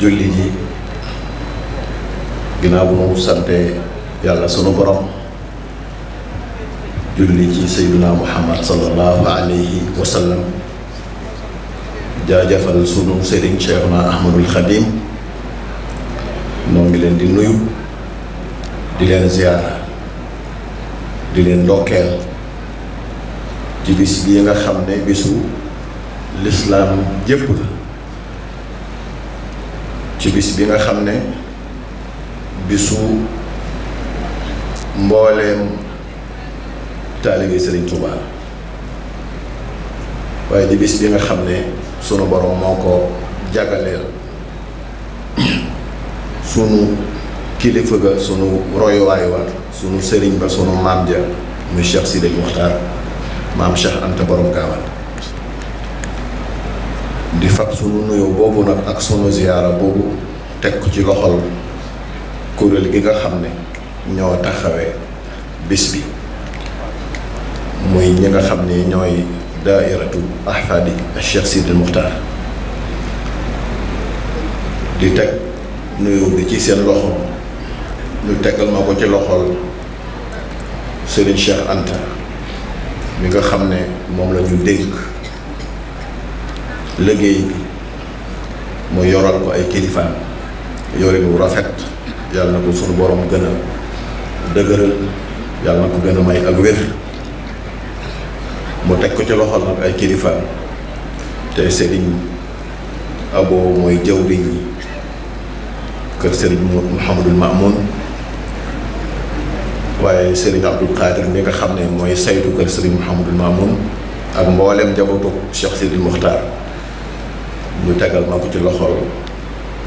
julli ji ginnaaw bu nu sante yàlla sunu borom julli ci sayyiduna muhammad sallallahu alayhi wa sallam jaajëfal sunu sëriñ cheikhuna ahmadul xadim noo ngi leen di nuyu di leen ziyaara di leen ndokkeel ci bis bii nga xam ne bisu lislaam jépp ci bis bi nga xam ne bisu mbooleem taalibe Sëriñ Tuubaa waaye di bis bi nga xam ne sunu borom moo ko jagaleel sunu kilifa ga sunu royuwaay wa sunu sëriñ ba sunu maam ja muy Cheikh Sidi Muxtaar maam Cheikh Anta borom gaawal li fab sunu nuyoo boobu nag ak sunu ziyaara boobu teg ko ci loxol kuréel gi nga xam ne ñoo taxawee bis bi muy ñi nga xam ne ñooy daairatu ahfadi Cheikh Sidi Muxtaar di teg nuyoo bi ci seen loxo ñu tegal ma ko ci loxol Serigne Cheikh Anta mi nga xam ne moom la ñu dénk liggéey bi mu yoral ko ay kilifaam yore bu rafet yàlla na ko sunu borom gën a dëgëral yàlla na ko gën a may ak wér mu teg ko ci loxol nag ay kilifaam te Serigne Abo mooy jawriñ yi kër Serigne Mouhamadul Mamoun waaye Serigne Abdul Qadir mi nga xam ne mooy saytu kër Serigne Mouhamadul Mamoun ak mboolem njabootu Cheikh Sidil Muxtaar ñu tegal ma ko ci loxol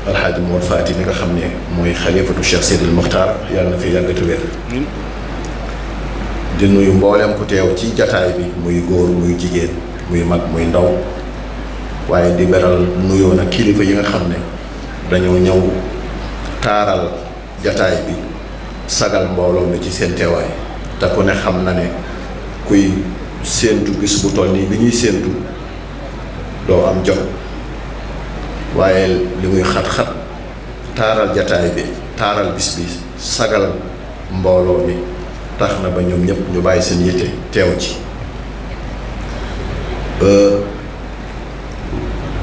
alxaaji Mor Faati mi nga xam ne mooy xalifatu Cheikh Seydil Muxtaar yàlla na fi yàggati wér di nuyu mbooleem ku teew ci jataay bi muy góor muy jigéen muy mag muy ndaw waaye di beral nuyoo nag kilifa yi nga xam ne dañoo ñëw taaral jataay bi sagal mbooloo mi ci seen teewaay te ku ne xam na ne kuy séentu gis bu toll nii bi ñuy séentu doo am jot waaye li muy xat-xat taaral jataay bi taaral bis bi sagal mbooloo mi tax na ba ñoom ñëpp ñu bàyyi seen yitte teew ci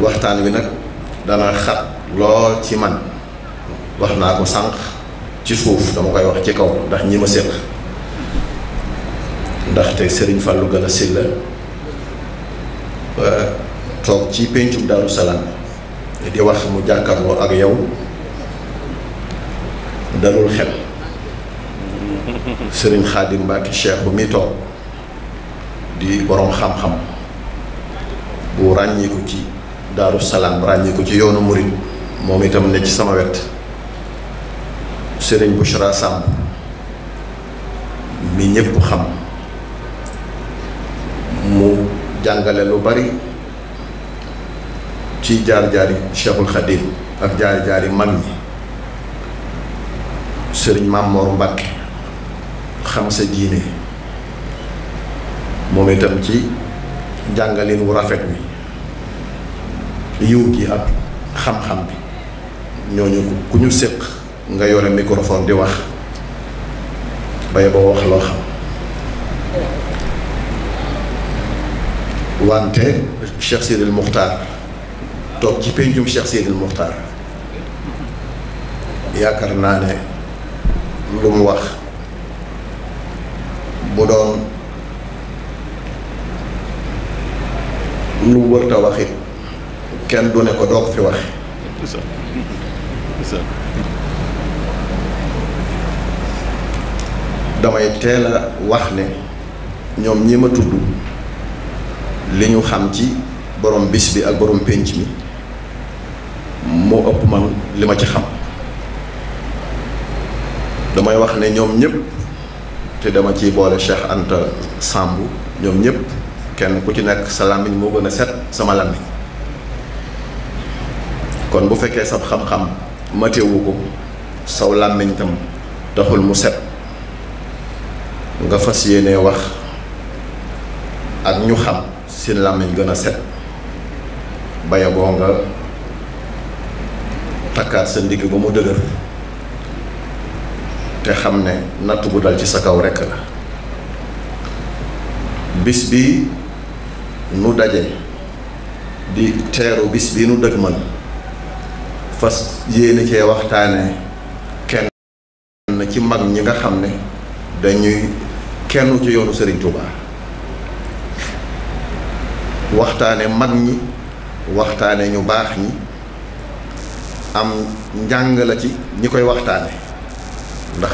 waxtaan wi nag dana xat lool ci man wax naa ko sànq ci suuf dama koy wax ci kaw ndax ñi ma séq ndaxte Serigne Fallou gën a silla toog ci péncum Daaru Salaam di wax mu jàkkaarloo ak yow dalul xel sëriñ Xaadim Mbàkke cheikh bu mi toog di boroom xam-xam bu ràññiku ci daaru salaam ràññiku ci yoonu murit moom itam ne ci sama wet sëriñ Bouchra Samb mi ñëpp xam mu jàngale lu bari ci jaar-jaari Cheikhul Khadim ak jaar-jaari mag ñi sëriñ Mamor Mbacke xam sa diine moom itam ci jàngalin wu rafet wi yiw gi ak xam-xam bi ñooñu ku ñu séq nga yore microphone di wax bay boo wax loo xam wante Cheikh Sidil Muxtaar toog ci péncum Cheikh Seydil Muxtaar yaakaar naa ne lu mu wax bu doon lu wërta waxit kenn du ne ko doog fi waxe damay teel wax ne ñoom ñi ma tudd li ñu xam ci borom bis bi ak borom pénc mi moo ëpp man li ma ci xam damay wax ne ñoom ñëpp te dama ciy boole Cheikh Anta Samb ñoom ñëpp kenn ku ci nekk sa làmmiñ moo gën a set sama làmmiñ kon bu fekkee sab xam-xam matewu ko saw làmmiñ tam taxul mu set nga fas yéene wax ak ñu xam seen làmmiñ gën a set baya boo nga takkaat sa ndigg ba mu dëgër te xam ne nattu bu dal ci sa kaw rek la bis bi nu daje di teeru bis bi nu dëgmal fas yéene cee waxtaane kenn ci mag ñi nga xam ne dañuy kenn ci yoonu Serigne Touba waxtaane mag ñi waxtaane ñu baax ñi am njàng la ci ñi koy waxtaane ndax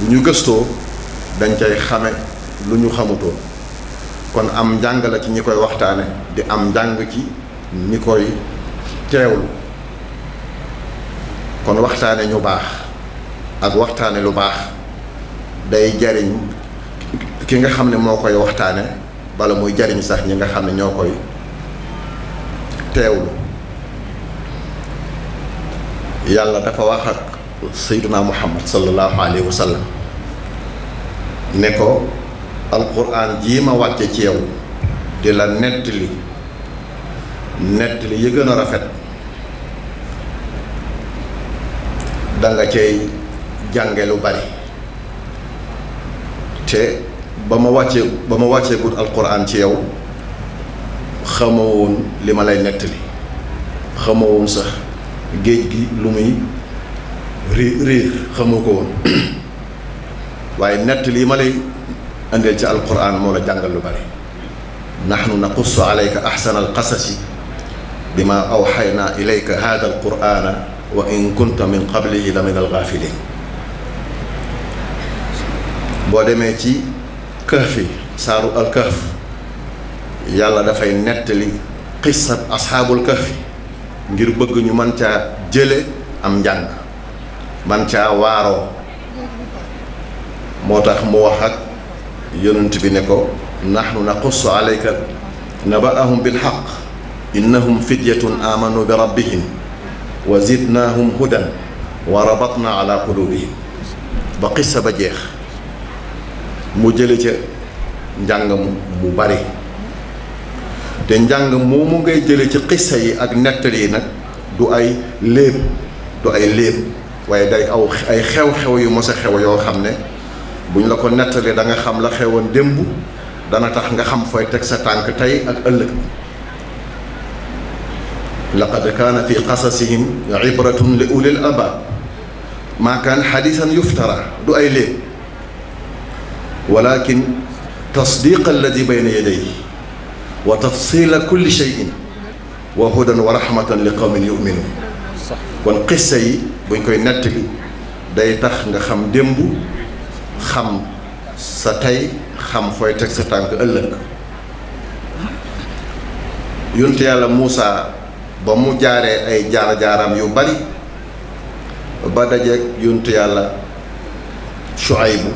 bu ñu gëstoo dañ koy xame lu ñu xamutoon kon am njàng la ci ñi koy waxtaane di am njàng ci ñi koy teewlu kon waxtaane ñu baax ak waxtaane lu baax day jariñ ki nga xam ne moo koy waxtaane bala muy jariñ sax ñi nga xam ne ñoo koy teewlu yàlla dafa wax ak sayduna muhammad sallallahu alayhi wa ne ko alquran jii ma wàcce ci yow di la nettali nettali yi gën a rafet da nga cay jànge lu bari te ba ma wàccee ba ma wàccee gut alquran ci yow xamawoon li ma lay nettali xamawoon sax géej gi lu muy riir xamoko won waye net li lii ma lay indil ci alquran mo la jàngal lu bari nahnu naqussu alayka ahsana alqasasi bima awhayna ilayka hadha alquran wa in kunta min qablihi la min alghafilin bo deme ci kahfi saru alkahf yàlla da fay netali qissat ashabul kahfi ngir bëgg ñu man ca jële am jang man ca waro motax tax mu wax ak yonent bi ne ko nahnu naqussu alayka naba'ahum haqq innahum fityatun amanu bi rabbihim wa zidnahum hudan wa rabatna ala qulubihim ba qissa ba jeex mu jële ca njàng mu bari te njàng moomu ngay jële ci xissa yi ak nettali yi nag du ay léeb du ay léeb waye day aw ay xew-xew yu mos a xew yo xamne buñ la ko netale da nga xam la xewon dembu dana tax nga xam foy tek sa tànk tay ak ëllëg laqad kaana fi qasasihim ibratun li ulil albaab maa kaan xadisan yuftara du ay léeb walakin tasdiqa alladi bayna yadayhi وتفصيل كل شيء وهدى ورحمة لقوم يؤمنون kon xissa yi buñ koy nettali day tax nga xam démb xam sa tey xam fooy teg sa tànk ëllëg yonte yàlla Moussa ba mu jaaree ay jaara-jaaram yu bari ba dajeeg yonte yàlla Shuaybu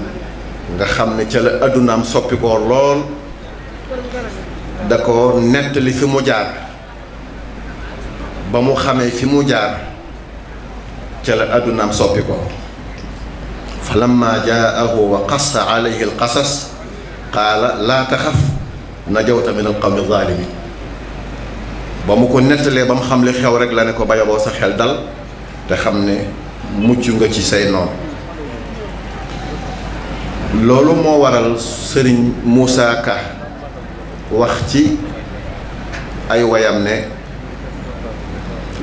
nga xam ne ca la addunaam soppi ko lool dako ko nettali fi mu jaar ba mu xame fi mu jaar ci la àddunaam soppi ko falamma jaahu wa qassa alayhi alqasas qala la takhaf najawta min alqawmi adh-dhalimin ba mu ko nettalee ba mu xam li xew rek la ne ko baye bo sa xel dal te xamne muccu nga ci say non lolu mo waral serigne Moussa Ka wax ci ay woyam ne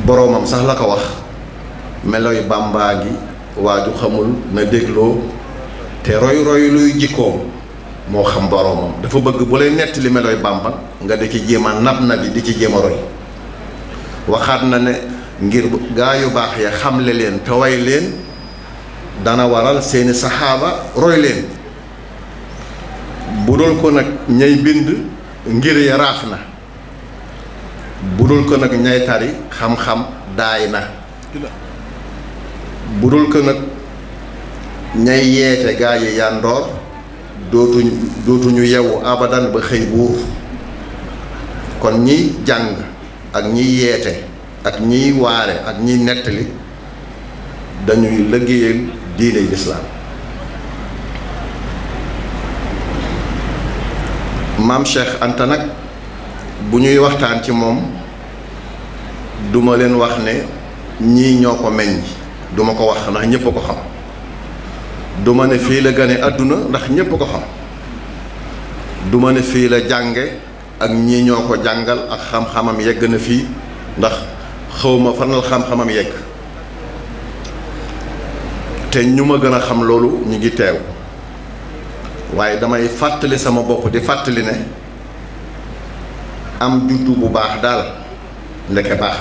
boroomam sax la ko wax meloy bàmbaa gi waaju xamul na dégloo te roy roy luy jikkoom moo xam boroomam dafa bëgg bu lay nettali melooy bàmba nga di ci jéem a nab na bi di ci jéem roy waxaat na ne ngir gaa yu baax ya xamle leen te way leen dana waral seeni saxaaba roy leen bu dul ko nag ñay bind ngir yarax raaf na budul ko nag ñay tari xam-xam daay na budul ko nag ñay yeete gaa yi yàndoor dootuñ dootuñu yewu abadan ba xëy buur kon ñiy jàng ak ñiy yeete ak ñiy waare ak ñiy nettali dañuy liggéeyal diiney lislaam maam Cheikh Anta nag bu ñuy waxtaan ci moom duma leen wax ne ñii ñoo ko meññ duma ko wax ndax ñépp a ko xam duma ne fii la gane àdduna ndax ñépp ko xam duma ne fii la jànge ak ñii ñoo ko jàngal ak xam-xamam yegg na fii ndax xawma fanal xam-xamam yegg te ñu ma gën a xam loolu ñu ngi teew waaye damay fàttali sama bopp di fàttali ne am juddu bu baax daal ndeke baax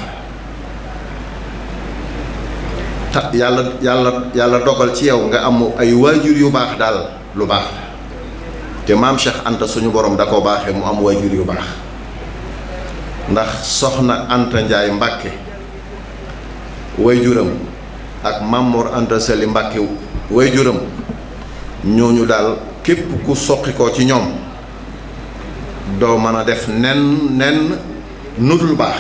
ta yàlla yàlla yàlla dogal ci yow nga am ay waajur yu baax daal lu baax te maam Cheikh Anta suñu borom da koo mu am waajur yu baax ndax soxna Anta Njaay Mbàkke waajuram ak Mamoor Anta Sali Mbàkke waajuram ñooñu daal képp ku soqi ko ci ñoom doo mën a def nen nen nut lu baax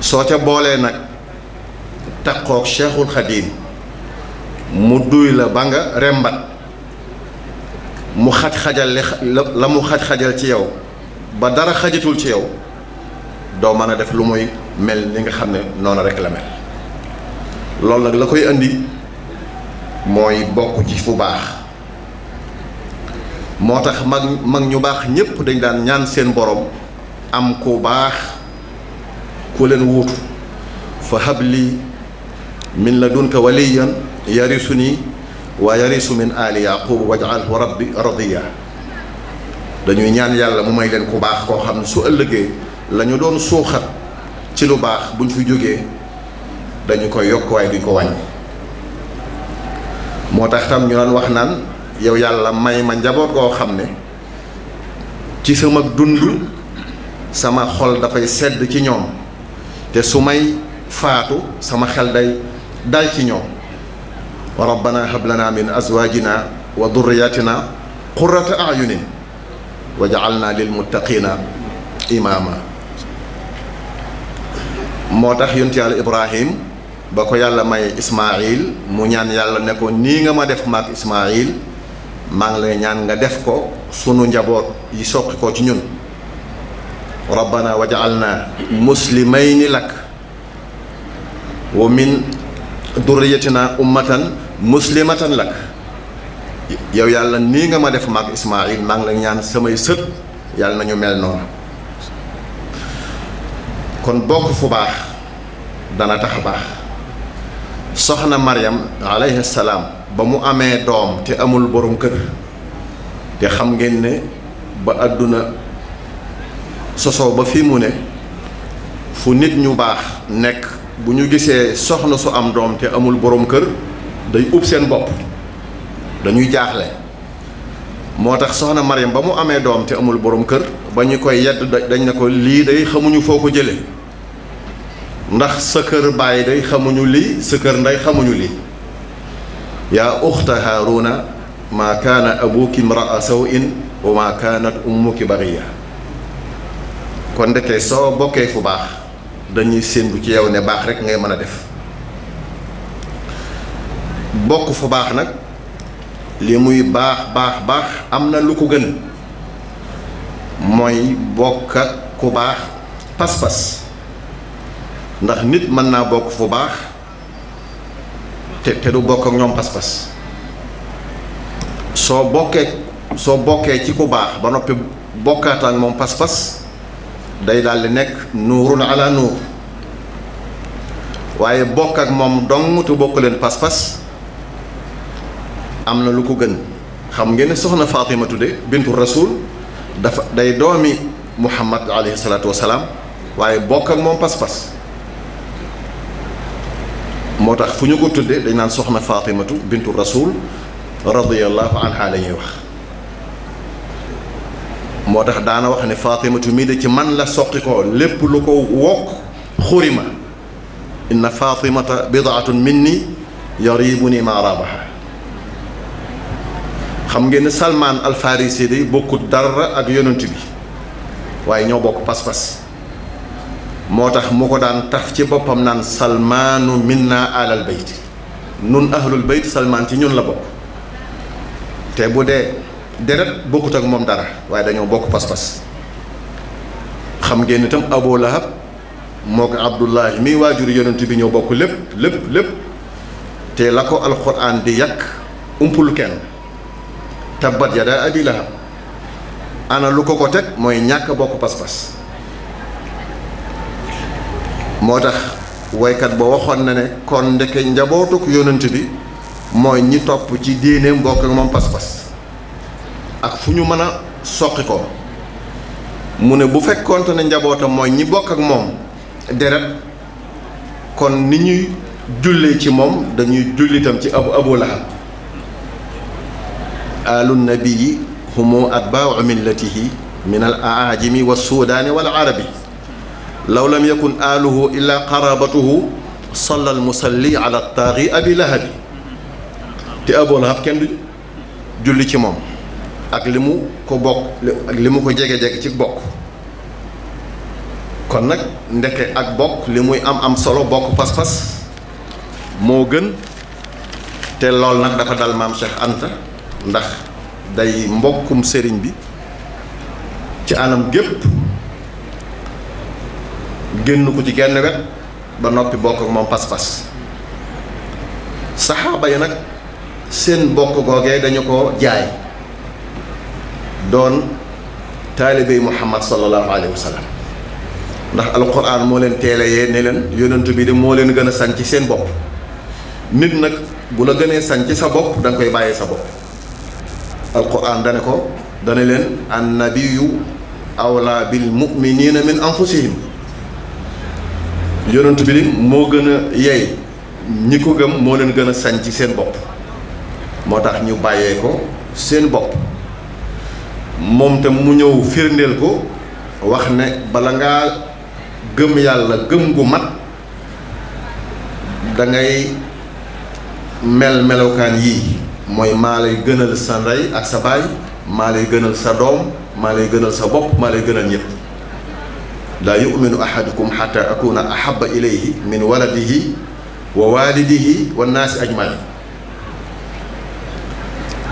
soo ca boolee nag taqoog cheikhul xadim mu duy la ba nga rembat mu xaj-xajal la mu xaj-xajal ci yow ba dara xajatul ci yow doo mën a def lu muy mel ni nga xam ne noonu rek la mel loolu nag la koy indi mooy bokk ci fu baax motax mag mag ñu bax ñepp dañ daan ñaan seen borom am ku bax ku leen wutu fa habli min ladunka waliyan yarisuni wa yarisu min ali yaqub waj'alhu rabbi radiya dañuy ñaan yalla mu may leen ku bax ko xamne su ëllëgé lañu doon suuxat ci lu bax buñ fi joggé dañu koy yok way duñ ko wañ motax tam ñu wax yow yàlla may ma njaboot goo xam ne ci sama dund sama xol dafay sedd ci ñoom te su may faatu sama xel day dal ci ñoom wa rabbana hab lana min azwajina wa durriyatina qurrata ayunin wa naa lil muttaqina imaama moo tax yonent yàlla ibrahim ba ko yàlla may ismail mu ñaan yàlla ne ko nii nga ma def maak ismail maa ngi lay ñaan nga def ko sunu njaboot yi soqi ko ci ñun rabbana waj'alna muslimayni lak wa min durriyatina ummatan muslimatan lak yow yàlla nii nga ma def maag Ismaayil maa ngi lay ñaan samay sët yàlla nañu mel noonu kon bokk fu baax dana tax baax soxna Maryam alayhi salaam ba mu amee doom te amul borom kër te xam ngeen ne ba àdduna sosoo ba fii mu ne fu nit ñu baax nekk bu ñu gisee soxna su am doom te amul borom kër day ub seen bopp dañuy jaaxle moo tax soxna Mariam ba mu amee doom te amul borom kër ba ñu koy yedd dañ ne ko lii day xamuñu foo ko jële ndax sa kër bàyyi day xamuñu lii sa kër ndey xamuñu lii yaa uxta haaruna maa kaana abuki mraa saw in wa maa kaanat ummuki bariya kon ndeke soo bokkee fu baax dañuy séendu ci yow ne baax rek ngay mën a def bokk fu baax nag li muy baax baax baax am na lu ko gën mooy bokk ak ku baax pas-pas ndax nit mën naa bokk fu baax te du bokk ak ñoom pas-pas soo bokkee soo bokkee ci ku baax ba noppi bokkaat ak moom pas-pas day daal di nekk nuurun ala nuur waaye bokk ak moom dong te bokk leen pas-pas am na lu ko gën xam ngeen ne soxna Fatima tudde bintu rasul dafa day doomi muhammad alayhi salaatu wasalaam waaye bokk ak moom pas-pas motax fuñu ko tuddé dañ nan soxna Fatimatu bintu rasul radiyallahu anha la ñuy wax moo daana wax ni Fatimatu mi de ci man la soqi ko lépp lu ko wokk xurima inna fatimata bidaatun minni yaribuni ma rabaha xam ngeen ne Salman al Farisi day bokkut dara ak yonent bi waaye bokk pas-pas moo tax mu ko daan taf ci boppam naan salmaanu minna alal bayt nun ahlul bayt salmaan ci ñun la bokk te bu dee deret bokkut ak moom dara waaye dañoo bokk pas-pas xam ngeen itam abu lahab moo ko abdullahi mi waajur yonent bi ñoo bokk lépp lépp lépp te la ko alxuraan di yàq umpul kenn tabbat yadaa abi lahab ana ko ko teg mooy ñàkk bokk pas-pas motax way kat bo waxon na ne kon ndeke njabootuk yonent bi moy ñi top ci diine mbok ak mom pass pass ak fuñu mëna mën ko mu ne bu fekkoonte ne njabota moy ñi bok ak mom deret kon ni ñuy julle ci mom dañuy jullitam ci abu abu lahab alu nabiyyi humu atba'u millatihi min al aajimi was-sudani wal arabi لو لم يكن آله إلا قرابته صلى المصلي على الطاغي أبي لهب تي أبو لهب كان جولي تي موم اك ليمو كو بوك اك ليمو كو جيجي جيجي تي بوك كون نك نديك اك بوك لي ام ام سولو بوك باس باس مو گن تي لول نك دا فا دال مام شيخ انت ndax day mbokum serigne bi ci anam gep génn ko ci genn wet ba noppi bokk ak moom pas-pas saxaaba yi nag seen bokk googee dañu ko jaay doon taalibey muhammad sallallahu alayhi wa sallam ndax alquran moo leen teeleyee ne leen yonentu bi de moo leen gën a sañ ci seen bopp nit nag bu la gënee sañ ci sa bopp da koy bàyyee sa bopp alquran dane ko dane leen an nabiyu awla bil muminina min anfusihim yonent bi moo gën a yey ñi ko gëm moo leen gën a sañ ci seen bopp moo tax ñu bàyyee ko seen bopp moom tam mu ñëw firndeel ko wax ne bala ngaa gëm yàlla gëm gu mat dangay mel melokaan yii mooy maa lay gënal sa ndey ak sa baay maa lay gënal sa doom maa lay gënal sa bopp maa lay gënal ñëpp لا يؤمن أحدكم حتى أكون أحب إليه من ولده ووالده والناس أجمعين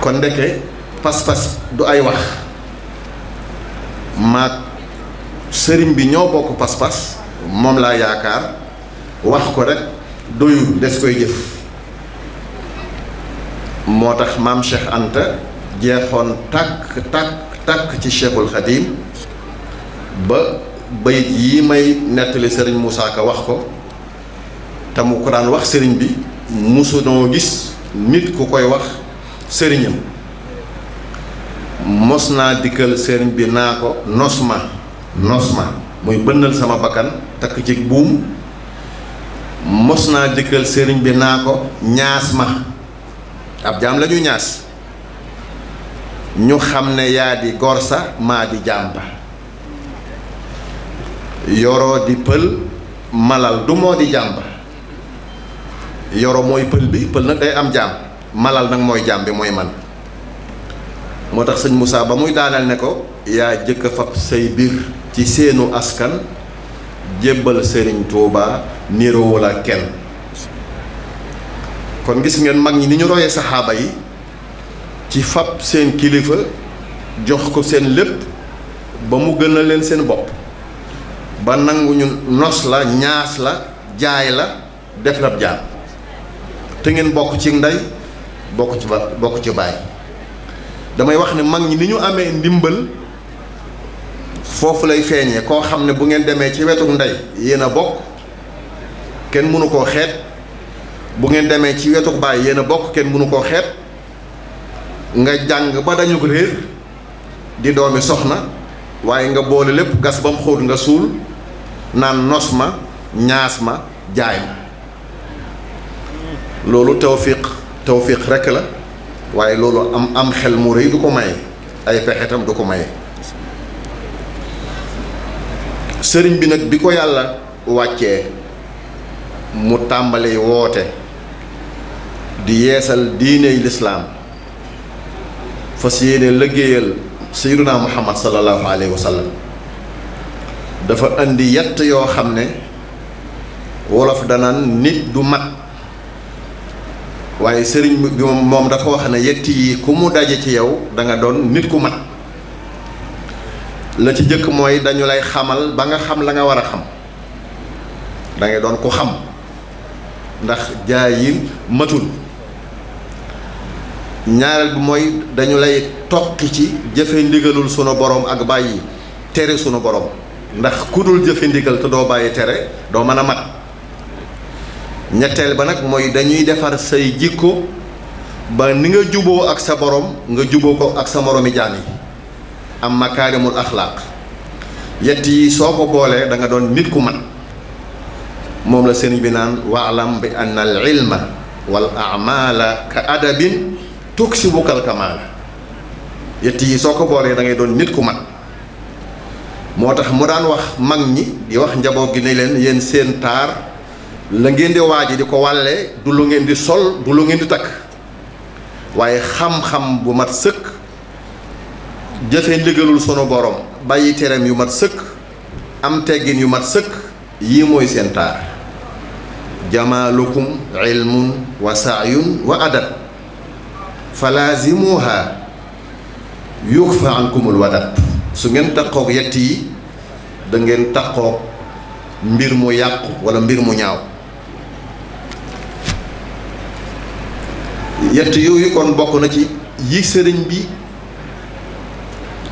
كون ديك باس باس دو اي واخ ما سيرين بي ньо بوكو باس باس موم لا ياكار واخ كو رك دوي ديس كوي جيف موتاخ مام شيخ انت جيخون تاك تاك تاك تي شيخ الخديم با bayit yi may nettali sëriñ Moussa Ka wax ko te mu ko daan wax sëriñ bi musu noo gis nit ku koy wax sëriñam mos naa dikkal sëriñ bi naa ko nos ma nos ma muy bënnal sama bakkan takk ci buum mos naa dikkal sëriñ bi naa ko ñaas ma ab jaam la ñaas ñu xam ne yaa di gor sa maa di jaam ba yoro di pël malal du moo di jàmb yoro mooy pël bi pël na day am jaam malal nag mooy jaam bi mooy man moo tax sëñ Moussa ba muy daaneel ne ko yaa jëkk a fab say biir ci seenu askan jébbal sëriñ Touba niroowul ak kenn kon gis ngeen mag ñi ni ñu royee saxaaba yi ci fab seen kilifa jox ko seen lépp ba mu gënal leen seen bopp ba nanguñu nos la ñaas la jaay la def la jaam te ngeen bokk ci ndey bokk ci ba bokk ci baay damay wax ni mag ñi ni ñu amee ndimbal foofu lay feeñee koo xam ne bu ngeen demee ci wetu ndey yéen a bokk kenn mënu koo xeet bu ngeen demee ci wetu baay yéen a bokk kenn mënu koo xeet nga jàng ba dañu réer di doomi soxna waaye nga boole lépp gas ba mu xóot nga suul nan nosma ma ñaas ma jaay ma loolu tawfiq tawfiq rek la waye lolu am am xel mu reey duko ko maye ay pexetam duko maye bi nak biko yàlla wacce mu tambale wote di yeesal diine l'islam fasiyene yéene sayyiduna muhammad sallallahu alayhi wasallam dafa indi yett yoo xam ne wolof danaan nit du mat waaye sëriñ bi moom dafa wax ne yett yi ku mu daje ci yow da nga doon nit ku mat la ci jëkk mooy dañu lay xamal ba nga xam la nga war a xam dangay doon ku xam ndax jaayin matul ñaareel bi mooy dañu lay toqi ci jëfe ndigalul sunu borom ak bàyyi tere sunu borom ndax kudul dul jëfe ndigal te doo bàyyi tere doo mën a mat ñetteel ba nag mooy dañuy defar say jikko ba ni nga juboo ak sa borom nga juboo ko ak sa moromi jaam am makaarimul axlaaq yett yi soo da nga doon nit ku mat moom la sëriñ bi naan bi ilma wal amala ka adabin tuksi bukal kamaala yett yi soo ko boolee da ngay nit ku moo tax mu daan wax mag ñi di wax njaboot gi ne leen yéen seen taar la ngeen di waaji di ko wàllee du lu ngeen di sol du lu ngeen di takk waaye xam-xam bu mat sëkk jëfe ndigalul sunu borom bàyyi tereem yu mat sëkk am teggin yu mat sëkk yii mooy seen taar jamaalukum ilmun wa saayun wa adab falaazimuha yukfa ankumul wadab su ngeen takkook yett yi dangeen ngeen takkook mbir mu yàqu walla mbir mu ñaaw yett yooyu kon bokk na ci yig sëriñ bi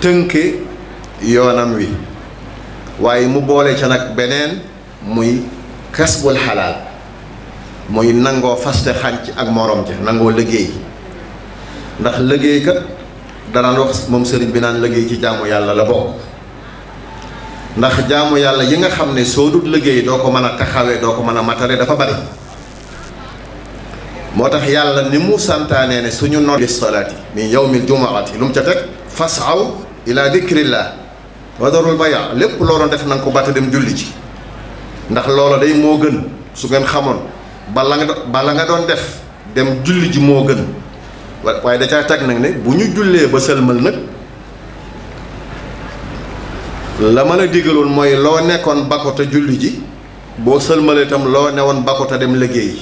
tënke yoonam wi waaye mu boole ca nag beneen muy kasbul xalaal muy nangoo faste xànc ak morom ja nangoo liggéey ndax liggéey danaan wax moom sëriñ bi naan liggéey ci jaamu yàlla la bokk ndax jaamu yàlla yi nga xam ne soo dul liggéey doo ko mën a taxawee doo ko mën a matale dafa bari moo tax yàlla ni mu santaanee ne suñu nodd bi salaati min yawmil jumaati lu mu ca fas aw fasaw ila dikrillah wa darul baya lépp looloon def na nga ko bàtta dem julli ji ndax loola day moo gën su ngeen xamoon bala nga bala nga doon def dem julli ji moo gën waaye da caa teg nag ne bu ñu jullee ba sëlmal nag la ma la digaloon mooy loo nekkoon bakkota julli ji boo sëlmalee itam loo newoon bakkota dem liggéey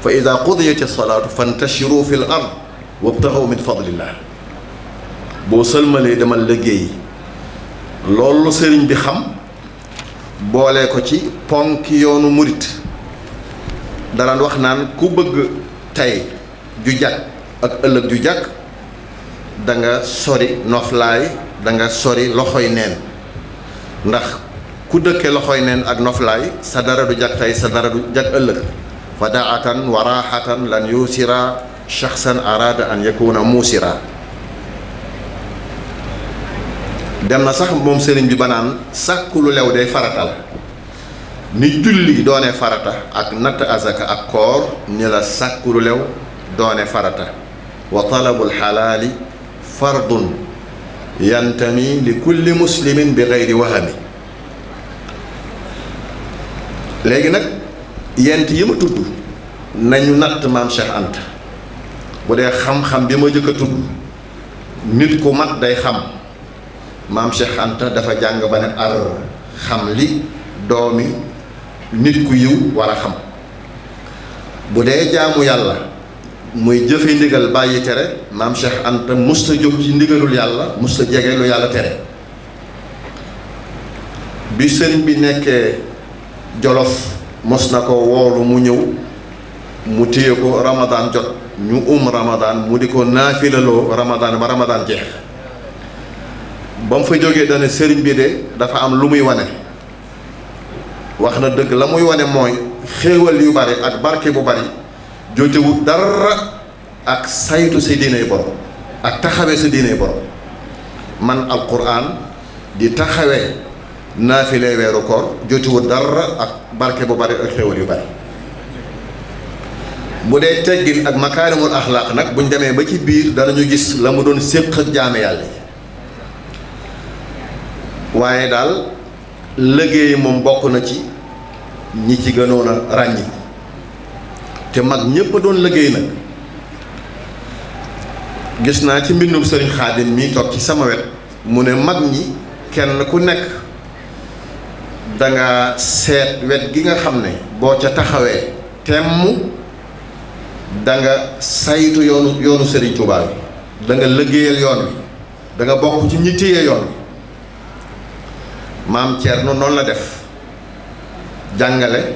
fa ida qudiyati salaatu fantashiru fi l ard wabtaxaw min fadlillah boo sëlmalee demal liggéey loolu sëriñ bi xam boole ko ci ponk yoonu murit daraan wax naan ku bëgg tey ju jag ak ëllëg ju jàkk da nga sori noflaay da nga sori loxoy neen ndax ku dëkke loxoy neen ak noflaay sa dara du jàkk tey sa dara du jàkk ëllëg fadaatan wa raaxatan lan yusira shaxsan arada an yakuna muusira dem na sax moom sëriñ bi banaan sàkku lew day faratal ni julli doone farata ak nata azaka ak koor ni la sàkku lew doone farata wa talabul xalaali fardun yantami li kulli muslimin bi gayri wahami léegi nag yent yi ma tudd nañu natt maam Cheikh Anta bu dee xam-xam bi ma jëkk a tudd nit ku mat day xam maam Cheikh Anta dafa jàng ba ne ar xam li doomi nit ku yiw war a xam bu dee jaamu yàlla muy jëfe ndigal bàyyi tere maam Cheikh Anta musta jóg ci ndigalul yàlla musta jege lu yàlla tere bi sëriñ bi nekkee jolof mos na ko woolu mu ñëw mu téye ko ramadaan jot ñu um ramadaan mu di ko naafilaloo ramadaan ba ramadaan jeex ba mu fa jógee dana sëriñ bi de dafa am lu muy wane wax na dëgg la muy wane mooy xéewal yu bari ak barke bu bari jootewut dara ak saytu sa diinay borom ak taxawee sa diinay borom man alquran di taxawe naa naafile weeru koor jootewut dara ak barke bu bari ak yu bari bu dee teggin ak makaarimul axlaaq nag buñ demee ba ci biir danañu gis la mu doon séq ak jaame yàlla yi waaye daal liggéey moom bokk na ci ñi ci gënoon a ràññi te mag ñépp doon liggéey nag gis naa ci mbindum sëriñ xaadim mi toog ci sama wet mu ne mag ñi kenn ku nekk danga seet wet gi nga xam ne boo ca taxawee temm danga saytu yoonu yoonu sëriñ Tuubaa danga liggéeyal yoon wi danga bokk ci ñi téye yoon wi maam nu noonu la def jàngale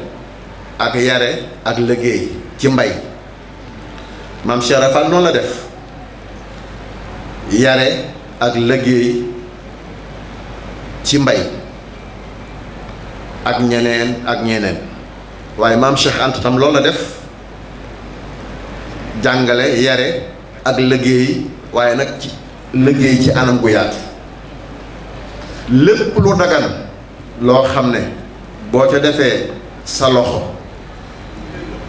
ak yare ak liggéey ci mbay maam Cheikh Rafal noonu la def yare ak liggéey ci mbay ak ñeneen ak ñeneen waaye maam Cheikh Anta tam loolu la def jàngale yare ak liggéey waaye nag ci liggéey ci anam gu lépp lu dagan loo xam ne boo ca defee sa loxo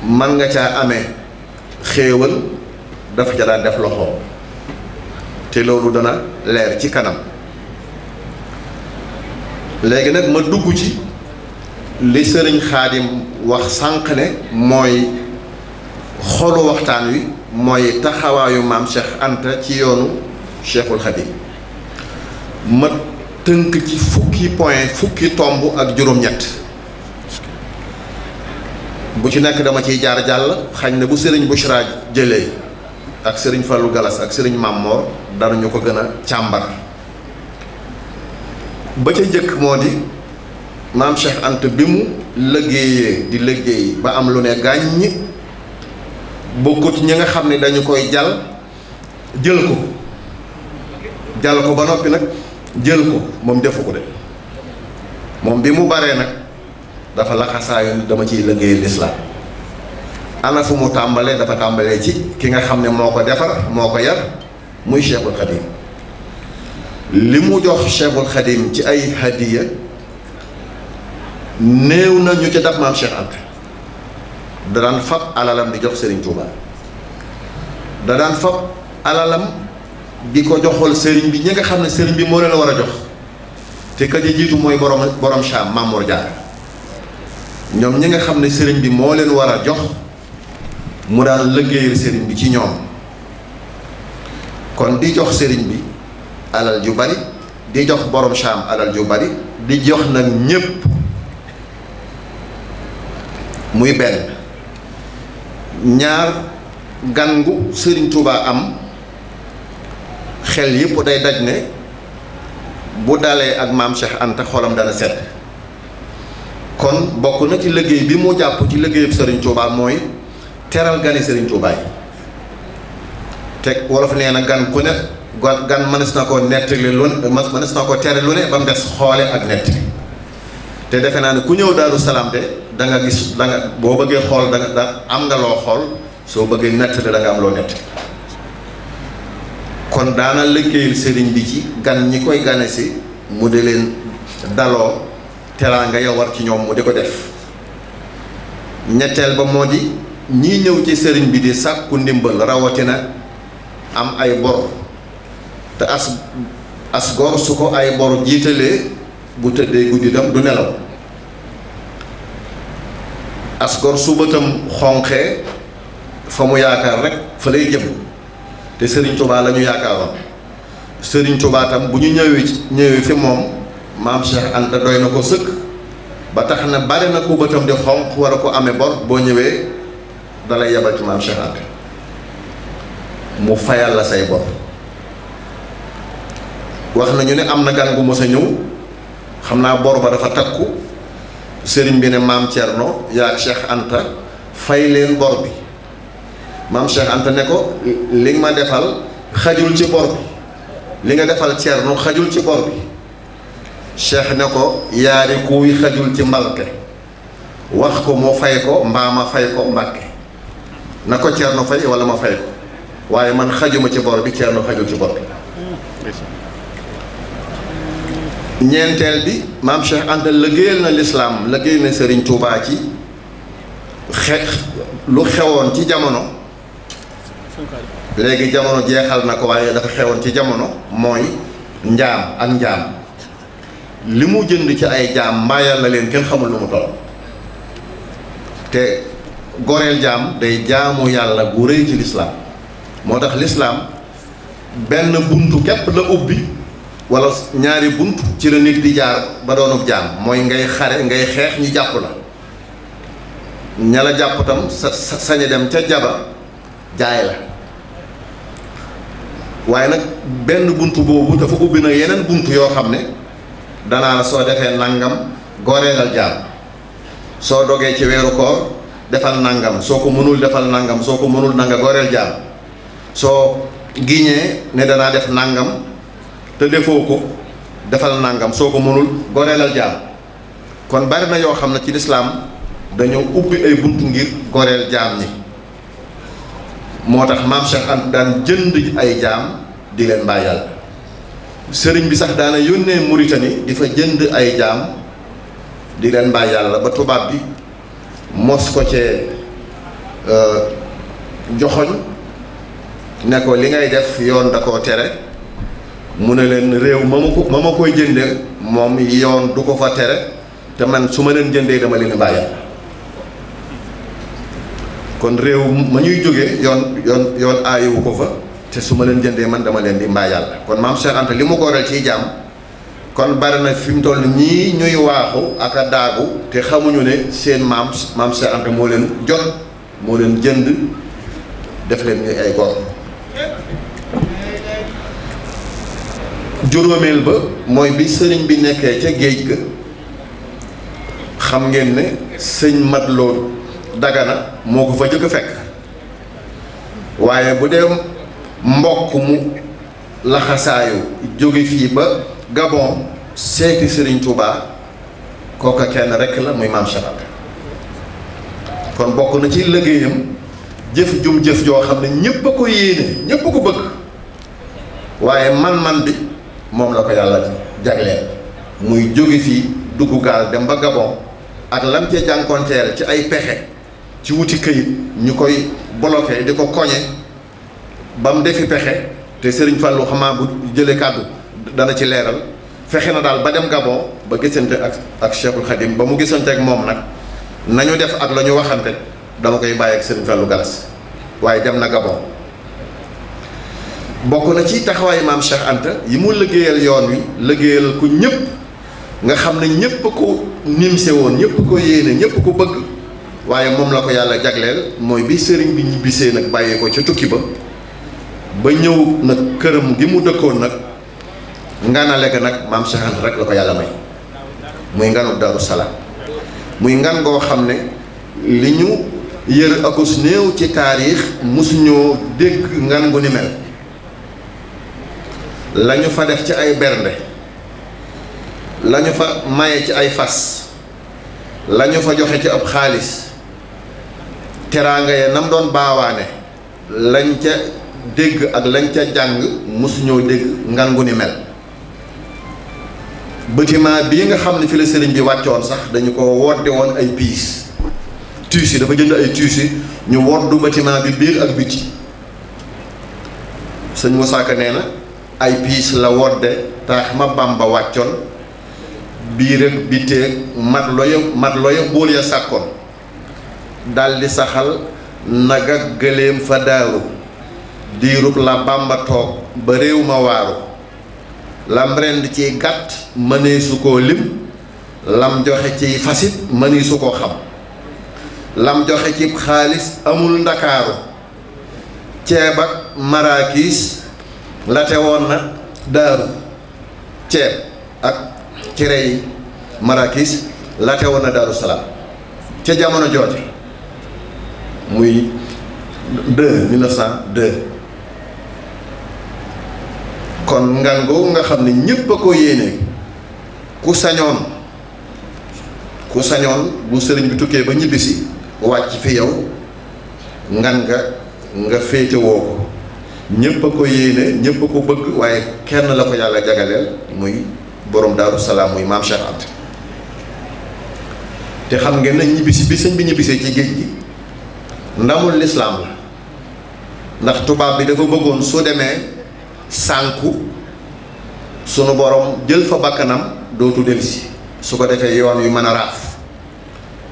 man nga caa amee xéewal dafa ca daan def loxo te loolu dana leer ci kanam léegi nag ma dugg ci li sëriñ xaadim wax sànq ne mooy xolu waxtaan wi mooy taxawaayu maam Cheikh Anta ci yoonu Cheikhul Khadim ma tënk ci fukki point fukki tomb ak juróom-ñett bu ci nekk dama ciy jaar jàll xañ na bu sëriñ Bouchra jëlee ak sëriñ Fallou Galas ak sëriñ Mamor danañu ko gën a càmbar ba ca njëkk moo di maam Cheikh Anta bi mu liggéeyee di liggéey ba am lu ne gàññ bokkut ñi nga xam ni dañu koy jal jël ko jal ko ba noppi nag jël ko moom defu ko de moom bi mu baree nag dafa laxasaayu dama ciy liggéeyal lislaam ana fu mu tàmbalee dafa tàmbalee ci ki nga xam ne moo ko defar moo ko yar muy Cheikhul Khadim li mu jox Cheikhul Khadim ci ay hadiya néew nañu ñu ci daf maam Cheikh Anta da daan fab alalam di jox sëriñ Touba da daan fab alalam di ko joxol Serigne bi ñi nga xam ne sëriñ bi moo leen war a jox te ka ci jiitu mooy borom borom Cham Mamour Diarra. ñoom ñi nga xam ne sëriñ bi moo leen war a jox mu daan liggéeyal sëriñ bi ci ñoom kon di jox sëriñ bi alal ju bari di jox borom saam alal ju bari di jox nag ñépp muy benn ñaar gan gu sëriñ Tuubaa am xel yépp day daj ne bu dalee ak maam Cheikh Anta xolam dana set kon bokk na ci liggéey bi mu jàpp ci liggéeyub Serigne Touba mooy teral gane Serigne Touba te wolof nee na gan ku ne gan gan mënees na koo nettali lu ne mënees na koo tere lu ne ba mu des xoole ak nettali te defe naa ne ku ñëw Daaru Salaam de da gis da boo bëggee xool da nga am nga loo xool soo bëggee nettali da nga am loo nettali kon daana liggéeyal Serigne bi ci gan ñi koy gane si mu di leen daloo. teraanga ya war ci ñoom mu di ko def ñetteel ba moo di ñii ñëw ci sëriñ bi di sàkku ndimbal rawatina am ay bor te as su ko ay bor jiitalee bu tëddee guddi tam du nelaw as gor su bëtam xonqee fa mu yaakaar rek fa lay jëm te sëriñ Tuubaa la ñu yaakaaroon sëriñ Tuubaa fi moom maam Cheikh Anta doy na ko sëkk ba tax na bare na ku bëtam di xonq war a ko amee bor boo ñëwee dalay yabal ci maam Cheikh Anta mu fayal la say bor wax nañu ne am na gan gu mës a ñëw xam naa bor ba dafa takku sëriñ bi ne maam Thierno yaag Cheikh Anta fay leen bor bi maam Cheikh Anta ne ko li nga ma defal xajul ci bor bi li nga defal Thierno xajul ci bor bi cheikh ne ko yaari kuuy xajul ci mbalke wax ko mu fay ko mbaa ma fay ko mbàkke na ko nu fay wala ma fay ko waaye man xajuma ci bor bi ceerno xajul ci bor bi ñeenteel bi maam cheikh anta liggéeyal na lislaam liggéey na sëriñ tuubaa ci xe lu xewoon ci jamono léegi jamono jeexal na ko waaye dafa xewoon ci jamono mooy njaam ak njaam li mu jënd ci ay jaam mbaa yàlla leen kenn xamul lu mu toll te goreel jaam day jaamu yàlla gu rëy ci lislaam moo tax lislaam benn bunt képp la ubbi wala ñaari bunt ci la nit di jaar ba doonub jaam mooy ngay xare ngay xeex ñu jàpp la ña la jàpp tam sa saña dem ca jaba jaay la waaye nag benn bunt boobu dafa ubbi na yeneen bunt yoo xam ne danaa soo defee nangam goreelal jaam soo dogee ci weeru koor defal nangam soo ko mënul defal nangam soo ko mënul nanga gooreel jaam soo giñee ne danaa def nangam te defoo ko defal nangam soo ko mënul gooreelal jaam kon bari na yoo xam na ci lislaam dañoo ubbi ay bunt ngir goreel jaam yi moo tax maam Cheikh Anta daan jënd ay jaam di leen bàyyal sëriñ bi sax daana yónnee Mauritanie di fa jënd ay jaam di leen bàyyi yàlla ba tubaab bi mos ko cee euh, joxoñ ne ko li ngay def yoon da koo tere mu ne leen réew ma ma ko ma ma koy jënde moom yoon du ko fa tere te man su ma leen jëndee dama leen bàyyi kon réew ma ñuy jógee yoon yoon yoon ko fa te su ma leen jëndee man dama leen di mbaa yàlla kon maam Cheikh Anta li mu góoral ciy jaam kon bari na fi mu toll ñii ñuy waaxu ak a daagu te xamuñu ne seen maam maam Cheikh moo leen jot moo leen jënd def leen ay góor juróomeel ba mooy bi sëriñ bi nekkee ca géej ga xam ngeen ne sëñ Mat Lo Dagana moo ko fa jëkk fekk waaye bu dee mbokk mu laxasaayu jóge fii ba Gabon seeti Serigne Touba kooka kenn rekk la muy maam Cheikh kon bokk na ci liggéeyam jëf jum jëf joo xam ne ñépp a ko yéene ñépp a ko bëgg waaye man-man bi moom la ko yàlla jagleel muy jógi fii dugg gaal dem ba Gabon ak lam cee jànkonteel ci ay pexe ci wuti këyit ñu koy bloqué di ko koñe ba mu defi pexe te sëriñ Serigne Fallou xamaa bu jëlee kàddu dana ci leeral fexe na daal ba dem Gabon ba gisante ak ak Cheikhul Khadim ba mu gisante ak moom nag nañu def ak lañu waxante dama koy bàyyi ak Serigne Fallou Galas waaye dem na Gabon bokk na ci taxawaayu maam Cheikh Anta yi mu liggéeyal yoon wi liggéeyal ku ñëpp nga xam ne ñëpp ko nimse woon ñëpp ko yéene ñëpp ko bëgg waaye moom la ko yàlla jagleel mooy bi sëriñ bi ñibbisee nag bàyyee ko ca tukki ba ba ñëw nag këram gi mu dëkkoon nag nganale ga nag maam Cheikh Anta rek la ko yàlla may muy nganu Daaru muy ngan goo xam ne li ñu yër akus néew ci taarix mosuñoo dégg ngan gu ni mel la fa def ci ay bernde lañu fa maye ci ay fas lañu ñu fa joxe ci ab xaalis teraanga ya nam doon baawaane lañ ca Dek ak lañ ca jàng mosuñoo dégg ngan gu ni mel bâtiment bii nga xam ne fi la sëriñ bi wàccoon sax dañu ko wodde won ay piis tuusi dafa jënd ay tuusi ñu woddu bâtiment bi biir ak biti sëñ Ka nee ay la wodde taax ma Bàmba wàccoon biir ak biteeg mat loya mat loya bóol ya dal daldi saxal naga geleem gëléem fa daaru diirub la bàmba toog ba réew ma waaru lam rend ciy gàtt mëneesu koo lim lam joxe ciy fasit mëneesu koo xam lam joxe ci xaalis amul ndakaaru ceeb ak maraakiis la woon na daaru ceeb ak cere yi maraakiis la te woon na daaru ca jamono jooje muy 2 1902 kon ngan googu nga xam ne ñépp a ko yéene ku sañoon ku sañoon bu sëriñ bi tukkee ba ñibbisi wàcc fi yow ngan nga nga féetewoo ko ñépp a ko yéene ñépp a ko bëgg waaye kenn la ko yàlla jagaleel muy borom daaru salaam muy maam Cheikh te xam ngeen ne ñibbisi bi sëñ bi ñibbisee ci géej gi ndamul lislaam la ndax tubaab bi dafa bëggoon soo demee sanku sunu borom jël fa bakkanam dootu dellusi su ko defee yoon yu mën raf raaf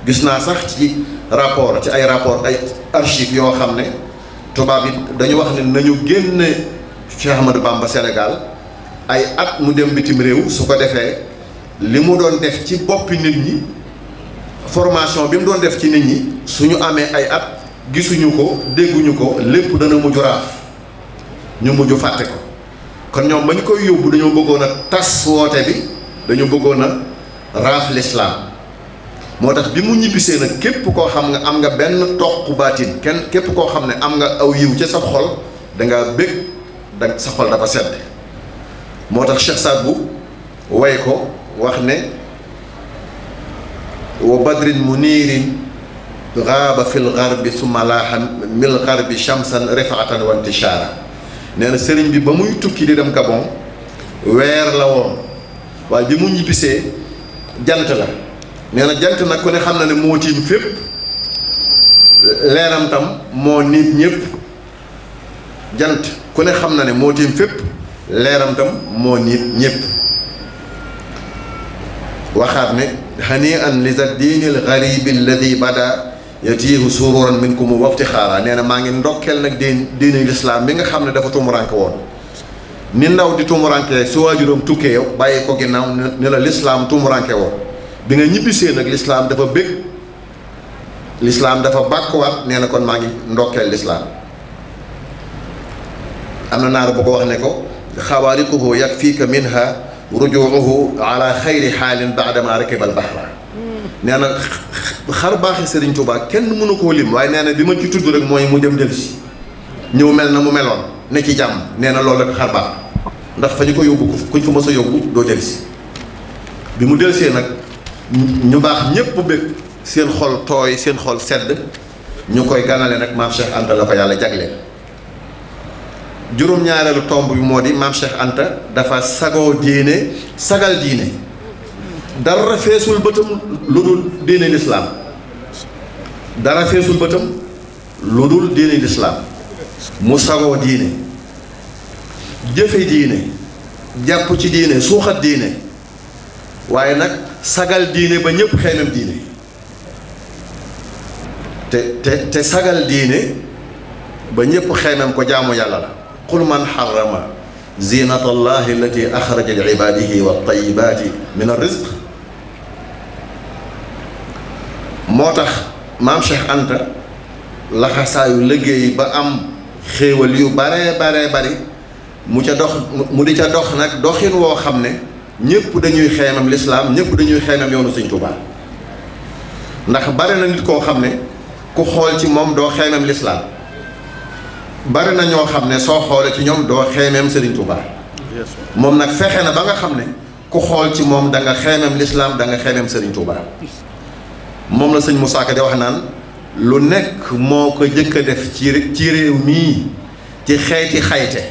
gis naa sax ci rapport ci ay rapport ay archive yoo xam ne tubaab dañu wax ne nañu génne Cheikh Ahmadou Bamba Sénégal ay at mu dem bitim réew su ko doon def ci boppi nit ñi formation bi mu doon def ci nit ñi suñu amee ay at gisuñu ko dégguñu ko lépp dana mujj raaf ñu ko kon ñoom bañ koy yóbbu dañoo bëggoon a tas woote bi dañu bëggoon a raaf l'islam moo tax bi mu ñibbisee nag képp koo xam nga am nga benn toq baatin kenn képp koo xam ne am nga aw yiw ca sa xol da ngaa bég da sa xol dafa sedd moo cheikh saad way ko wax wa badrin munirin غاب في الغرب ثم لاح من الغرب شمسا رفعة وانتشارا nee serigne bi bamuy tukki di dem Gabon wer la won waaye bi mu ñibisé jant la nee jant nak ku ne xamna na ne moo tiim fépp leeram tam mo nit ñep jant ku ne xamna na ne moo tiim fépp leeram tam mo nit ñep waxat ne hani an li za diinil garibi alladi bada yatiihu sururan minkum wa iftixaara nee na maa ngi ndokkeel nag diin diinu lislaam mi nga xam ne dafa tumuranke woon ni ndaw di tumuranke su waajuram tukkee yow bàyyi ko ginnaaw ne la lislaam tumuranke woon bi nga ñibbisee nag lislaam dafa bëgg lislaam dafa bàkkuwaat nee na kon maa ngi ndokkeel lislaam am na naar bu ko wax ne ko xawaariquhu yakfiika minha rujuuhu ala xayri xaalin baadama rakiba al bahra nee na xar baaxi Serigne Touba kenn mënu koo lim waaye nee na bi ma ci tudd rek mooy mu dem del ñëw mel na mu meloon ne ci jàmm nee na loolu rek xar baax ndax fa ñu ko yóbbu kuñ fa ma sa yóbbu doo del si bi mu delsee nag ñu baax ñépp bëgg seen xol tooy seen xol sedd ñu koy ganale nag maam Cheikh Anta la ko yàlla jagleel juróom-ñaareelu tomb bi moo di maam Cheikh Anta dafa sagoo diine sagal diine دار فيسول بتم لودول دين الإسلام دار فيسول بتم لودول دين الإسلام مساواة دينه جف دينه جاب بتش دينه سوخ دينه وينك سجل دينه بنيب خيم دينه ت ت ت سجل دينه بنيب خيم كجامو يلا قل من حرمه زينة الله التي أخرج لعباده والطيبات من الرزق moo tax maam Cheikh Anta laxasaayu liggéey ba am xéewal yu bare baree bari mu ca dox mu di ca dox nag doxin woo xam ne ñëpp dañuy xeemam lislaam ñëpp dañuy xeemam yoonu sëñ Tuubaa ndax bari na nit koo xam ne ku xool ci moom doo xeemam lislaam bari na ñoo xam ne soo xoolee ci ñoom doo xeemam sëriñ Tuubaa moom nag fexe na ba nga xam ne ku xool ci moom da nga xeemam lislaam da nga xeemam sëriñ Tuubaa moom la sëñ Moussa Ka di wax naan lu nekk moo ko jëkk def ci réew mii ci xeeti xayte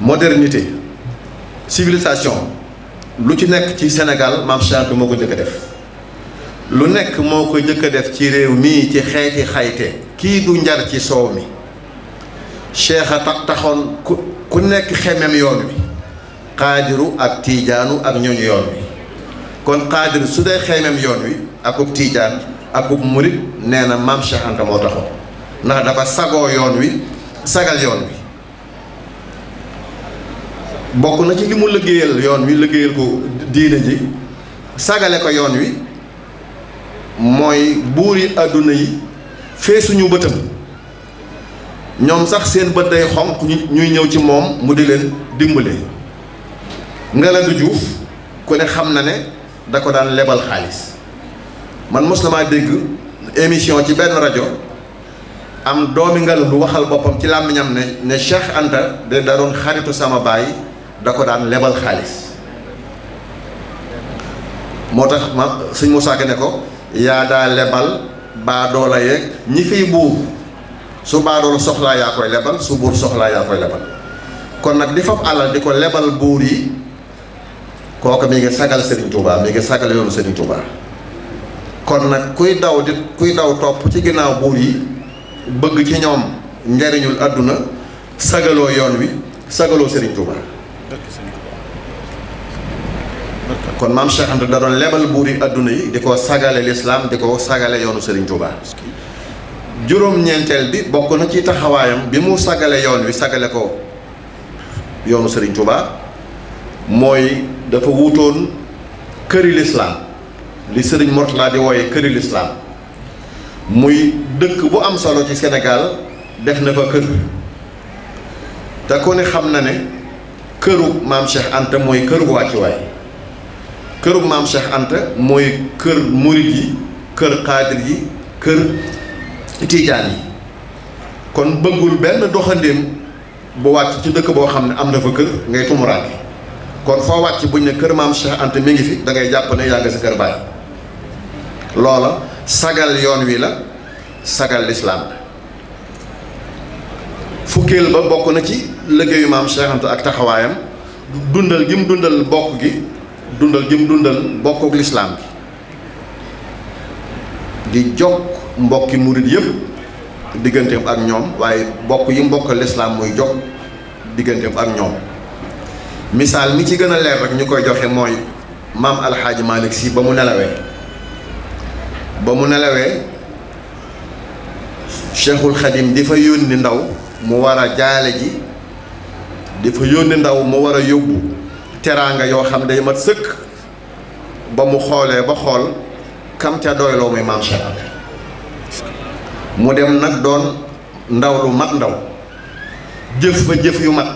modernité civilisation lu ci nekk ci Sénégal maam Cheikh moo ko jëkk def lu nekk moo ko jëkk a def ci réew mii ci xeeti xayte kii du njar ci soow mi cheikh tax taxoon ku ku nekk xemem yoon wi xaadiru ak tiijaanu ak ñooñu yoon wi kon xaadir su dee xemem yoon wi akub tiijaan akub murit nee na maam Cheikh moo taxaw ndax dafa sagoo yoon wi sagal yoon wi bokk na ci li mu liggéeyal yoon wi liggéeyal ko diine ji sagale ko yoon wi mooy buuri àdduna yi feesuñu bëtam ñoom sax seen bët xonq ñuy ñëw ci moom mu di leen dimbale Ngalandou Diouf ku ne xam na ne da ko daan lebal xaalis man mos degu, maa dégg émission ci rajo am doomi ngal du waxal boppam ci làmmiñam ne ne Cheikh Anta de da doon xaritu sama bayi, da ko daan lebal xaalis musa tax ma sëñ Moussa Ka ne ko yaa daa lebal baadoola yeeg ñi fiy buur su baadoola soxlaa yaa koy lebal su koy lebal kon di alal di ko lebal buur yi kooku mi ngi sagal Serigne Touba mi sagal Serigne Touba. kon nag kuy daw di kuy daw topp ci ginnaaw buur yi bëgg ci ñoom njariñul àdduna sagaloo yoon wi sagaloo Serigne Touba kon maam Cheikh Anta da doon lebal buur yi àdduna yi di ko sagale lislaam di ko sagale yoonu Serigne Touba juróom-ñeenteel bi bokk na ci taxawaayam bi mu sagale yoon wi sagale ko yoonu Serigne Touba mooy dafa wuutoon këri lislaam li sëriñ Mourtala di wooye këri lislaam muy dëkk bu am solo ci Sénégal def na fa kër te ku ne xam na ne këru maam Cheikh Anta mooy këru wàccuwaay këru maam Cheikh Anta mooy kër murid yi kër xaadir yi kër tiijaan yi kon bëggul benn doxandéem bu wàcc ci dëkk boo xam ne am na fa kër ngay tumuraat kon foo wàcc buñ ne kër maam Cheikh Anta mi ngi fi da ngay jàpp ne yaa ngi sa kër baay loola sagal yoon wi la sagal lislaam la fukkeel ba bokk na ci liggéeyu maam Cheikh ak taxawaayam dundal gi mu dundal bokk gi dundal gi mu dundal bokkuk lislaam gi di jokk mbokki murit yëpp digganteem ak ñoom waaye bokk yi mbokk lislaam muy jokk digganteem ak ñoom misaal mi ci gën a leer rek ñu koy joxe mooy maam alxaaji Malick si ba mu nelawee ba mu nelawee cheikhul xadim di fa yónni ndaw mu war a jaale ji di fa yónni ndaw mu war a yóbbu teraanga yoo xam day mat sëkk ba mu xoolee ba xool kam ca doyloo muy maam Cheikh mu dem nag doon ndaw lu mat ndaw jëf fa jëf yu mat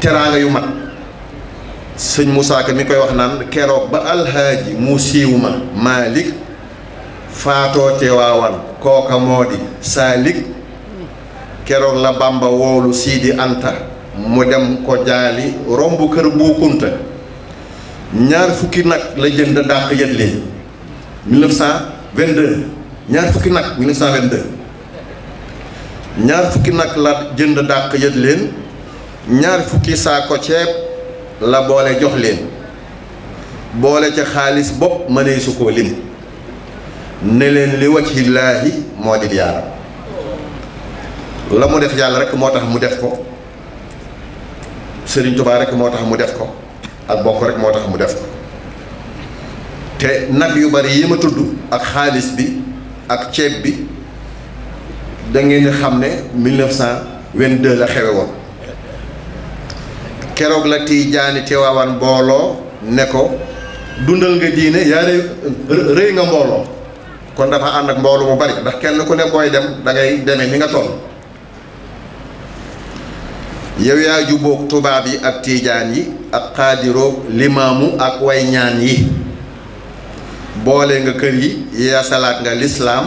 teraanga yu mat sëñ Moussa Ka mi koy wax naan keroog ba alxaaji mu siiw ma Malick faatoo Tiwaawan kooka moo di Salick keroog la Bamba woolu Sidi Anta mu dem ko jaali romb kër Buukunta ñaar fukki nag la jënd dàq yëtli 1922 fukki nag 1922 la jënd saako ceeb la boole jox leen boole ca xaalis bopp mënee su koo lim ne leen li wajhillaahi moo di yaaram la mu def yàlla rek moo tax mu def ko Sëriñ Tuubaa rek moo tax mu def ko ak bokk rek moo tax mu def ko te nag yu bari yi ma tudd ak xaalis bi ak ceeb bi da ngeen xam ne 1922 la xewe woon keroog la tiijaani tiwaawan mbooloo ne ko dundal nga diine yaa rëy rëy nga mbooloo kon dafa ànd ak mbooloo mu bari ndax kenn ku ne booy dem dangay ngay demee ni nga toll yow yaa jubóog tubaab yi ak tiijaan yi ak xaadiroog limaamu ak wayñaan yi boole nga kër yi yaa salaat nga lislaam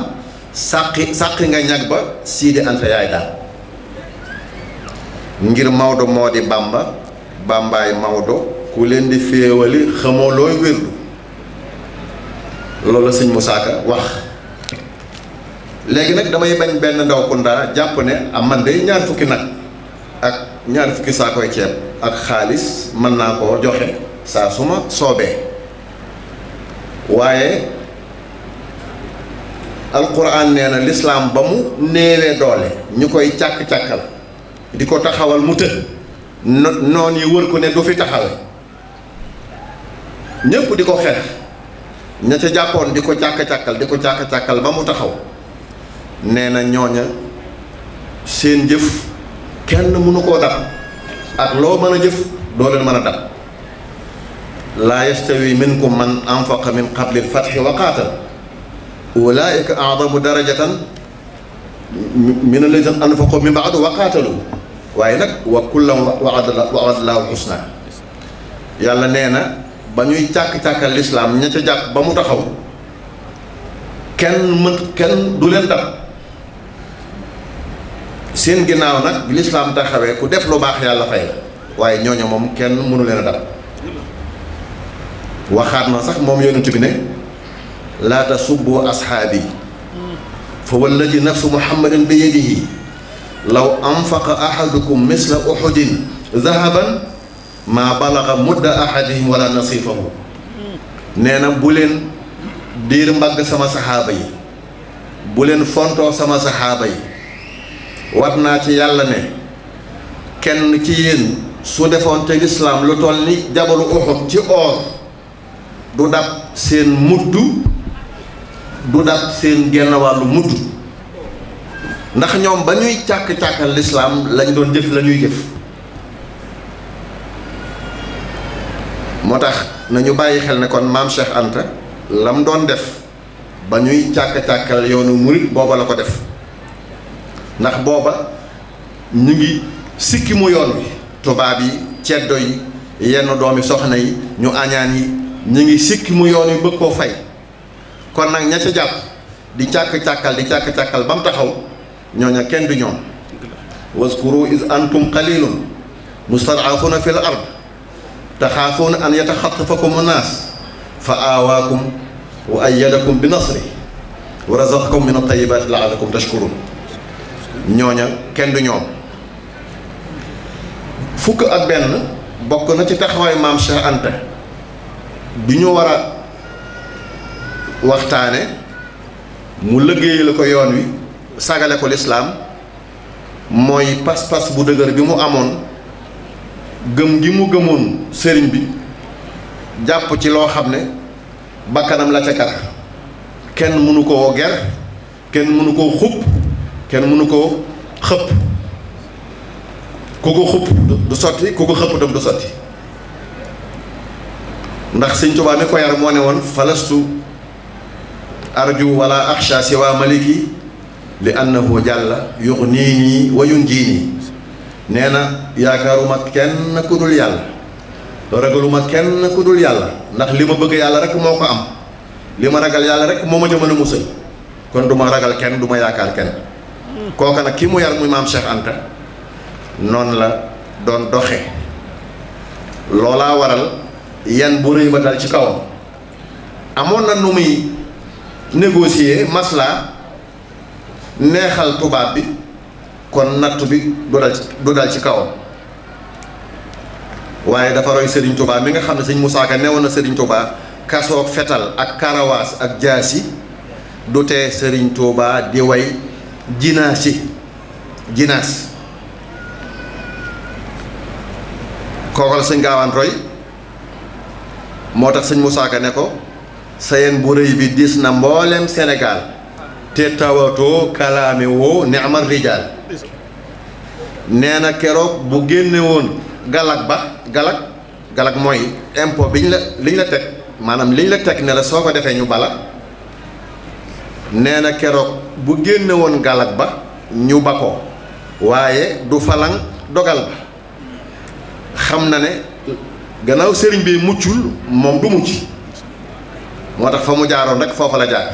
sàqi sàqi nga ñag ba Sidi Anta yaay daal ngir Maodo moo di Bàmba bambay mawdo ku leen di feewali xamoo looy wérdu loolu la sëñ Moussa Ka wax léegi nag damay bañ benn ndaw kunda jàpp ne am ah, man day ñaar fukki nag ak ñaar fukki ak joxe suma sobe waaye alquran Quran na lislaam ba mu néewee doole nyukoi koy càkk-càkkal di ko taxawal mu noon yi wër ko ne du fi taxawe ñëpp di ko xeex ña ca jàppoon di ko càkk-càkkal di ko càkk-càkkal ba mu taxaw nee na ñooña seen jëf kenn mënu koo dab ak loo mën a jëf doo leen mën a dab laa yastawi ko man anfaqa min qabli alfatxi wa qaatal ulaika aadamu darajatan min alladina anfaqu min baadu wa qaatalu waaye nag wa kullam wa'adallaahu husna yàlla nee na ba ñuy càkk-càkkal lislaam ña ca jàpp ba mu taxaw kenn mën kenn du leen dab seen ginnaaw nag bi lislaam taxawee ku def lu baax yàlla fay la waaye ñooñu moom kenn mënu leen a dab waxaat na sax moom yonent bi ne laa tasubbu asxaabi fa walladi nafsu muhammadin bi yadihi law anfaqa ahadukum misla uhudin zahaban maa balaxa mudda ahadihim wala nasifahu nee na bu leen diir mbagg sama saxaaba yi bu leen fontoo sama saxaaba yi war naa ci yàlla ne kenn ci yéen su defoon te lislaam lu toll ni jabalu Uhud ci oor du dab seen mudd du dab seen genn wàllu mudd ndax ñoom ba ñuy càkk-càkkal lislaam lañ doon jëf la ñuy jëf moo tax nañu bàyyi xel ne kon maam Cheikh Anta lam doon def ba ñuy càkk-càkkal yoonu murit booba la ko def ndax booba ñu ngi sikki mu yoon wi tubaab yi ceddo yi yenn doomi soxna yi ñu añaan yi ñu ngi sikki mu yoon wi bëgg koo fay kon nag ña ca jàpp di càkk-càkkal di càkk-càkkal ba mu taxaw ñoña kenn du ñom waskuru iz antum qalilun mustad'afuna fil ard takhafuna an yataxatafakum annaas fa aawaakum wa ayyadakum bi nasri wa razaqakum min at-tayyibaati la'allakum tashkurun ñoña kenn du ñom fuk ak ben bokk na ci taxaway mam Cheikh Anta bi ñu war a mu liggéeyal ko yoon wi sagale ko lislaam mooy pas-pas bu dëgër bi mu amoon gëm gi mu gëmoon sëriñ bi jàpp ci loo xam ne bakkanam la ca kar kenn mënu koo ger kenn mënu koo xupp kenn mënu koo xëpp ku ko xupp du sotti ku ko xëpp du sotti ndax sëñ Tuubaa mi ko yar moo ne woon falastu arju wala axsha siwa maliki li annahu jàlla yuxniini wa yunjiini nee na yaakaaruma kenn ku dul yàlla ragaluma kenn ku dul yàlla ndax li ma bëgg yàlla rek moo ko am li ma ragal yàlla rek moo ma ca musal kon du ma ragal kenn du ma yaakaar kenn kooka nag ki mu yar muy maam Cheikh Anta la doon doxe loolaa waral yan bu rëy ba dal ci kawam amoon na nu muy négocier maslaa neexal tubaab bi kon nattu bi du dal ci du waaye dafa roy Serigne Touba mi nga xam ne sëñ Moussa Ka newoon na Serigne Touba kasoog fetal ak karawaas ak jaasi du tee Serigne Touba di way jinaasi jinaas kooku la sëñ gaawaan roy moo tax sëñ Moussa ne ko sayeen bu rëy bi diis na mboolem senegaal te tawato kalaame wo ni'mal rijal neena kérok bu génné won galak ba galak galak moy impôt biñ la liñ la tek manam liñ la tek ne la soko défé ñu bala neena kérok bu génné won galak ba ñu bako waye du falang dogal ba xamna ne gannaaw serigne bi muccul mom du mucc motax famu jaaron rek fofu la jaar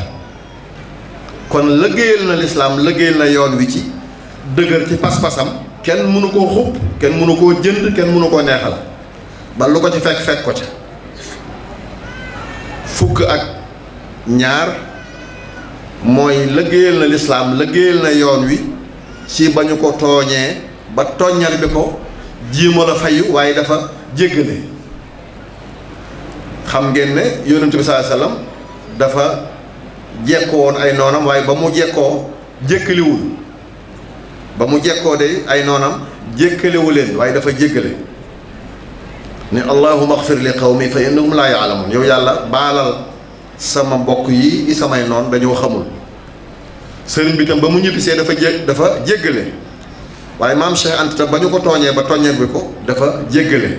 kon lëggéeyal na lislaam lëggéeyal na yoon wi ci dëgër ci pas-pasam kenn mënu koo xub kenn mënu koo jënd kenn mënu koo neexal ba lu ko ci fekk fekk ko ca fukk ak ñaar mooy lëggéeyal na lislaam lëggéeyal na yoon wi ci ba ñu ko tooñee ba toññal bi ko jiima la waaye dafa jéggale xam ngeen ne yonent bi sallallahu alayhi dafa jekkoo woon ay noonam waaye ba mu jekkoo jékkaliwul ba mu jekkoo de ay noonam jékkaliwu leen waaye dafa jéggale ne allahuma axfir li qawmi fa innahum laa yaalamun yow yàlla baalal sama mbokk yi samay noon dañoo xamul sëriñ bi tam ba mu ñibbisee dafa jé dafa jéggale waaye maam Cheikh Anta ba ñu ko tooñee ba tooñee bi ko dafa jéggale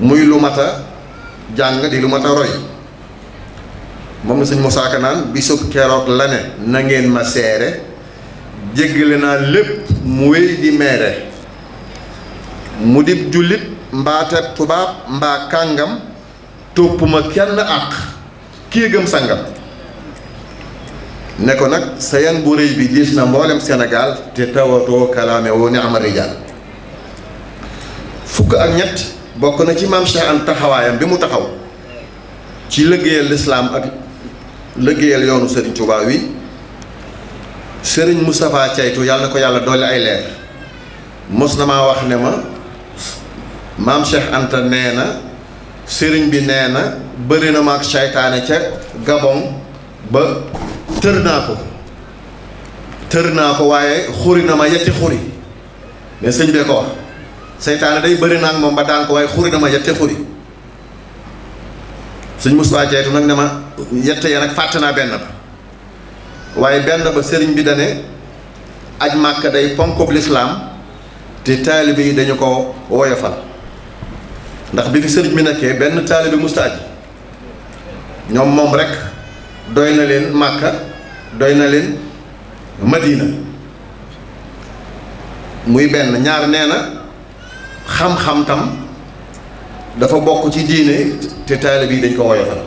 muy lu mat a jàng di lu mat a roy moom sëñ Moussa Ka naan bisub keroog la ne na ngeen ma seere jéggale naa mu wéy di meere mu dib jullit mbaate tubaab kangam kàngam kenn àq kii sangam ne ko nag bu rëy bi diis na mboolem Sénégal te tawatoo kalaame woo ni ama rijaal fukk ak na ci mam Cheikh Anta taxawaayam bi mu taxaw ci ak liggéeyal yoonu Serigne Touba wi Serigne Moustapha Caytu yàlla na ko yàlla doole ay leer mos na maa wax ne ma maam Cheikh Anta nee na sëriñ bi nee na bëri na ma ak seytaane ca Gabon ba tër naa ko tër naa ko waaye xuri na ma yetti xuri mais sëñ bee ko wax seytaane day bëri naa ak moom ba daan ko waaye xuri na ma yetti xuri sëñ Moustapha Caytu nag ne ma. yett ya nag fàtte naa benn ba waaye benn ba sëriñ bi dane aj màkk day ponkub lislaam te taalibe yi dañu ko woyofal ndax bi fi sëriñ bi nekkee benn taalibe musta aj ñoom moom rekk doy na leen màkka doy na leen madina muy benn ñaar nee na xam-xam tam dafa bokk ci diine te taalibe yi dañ ko woyofal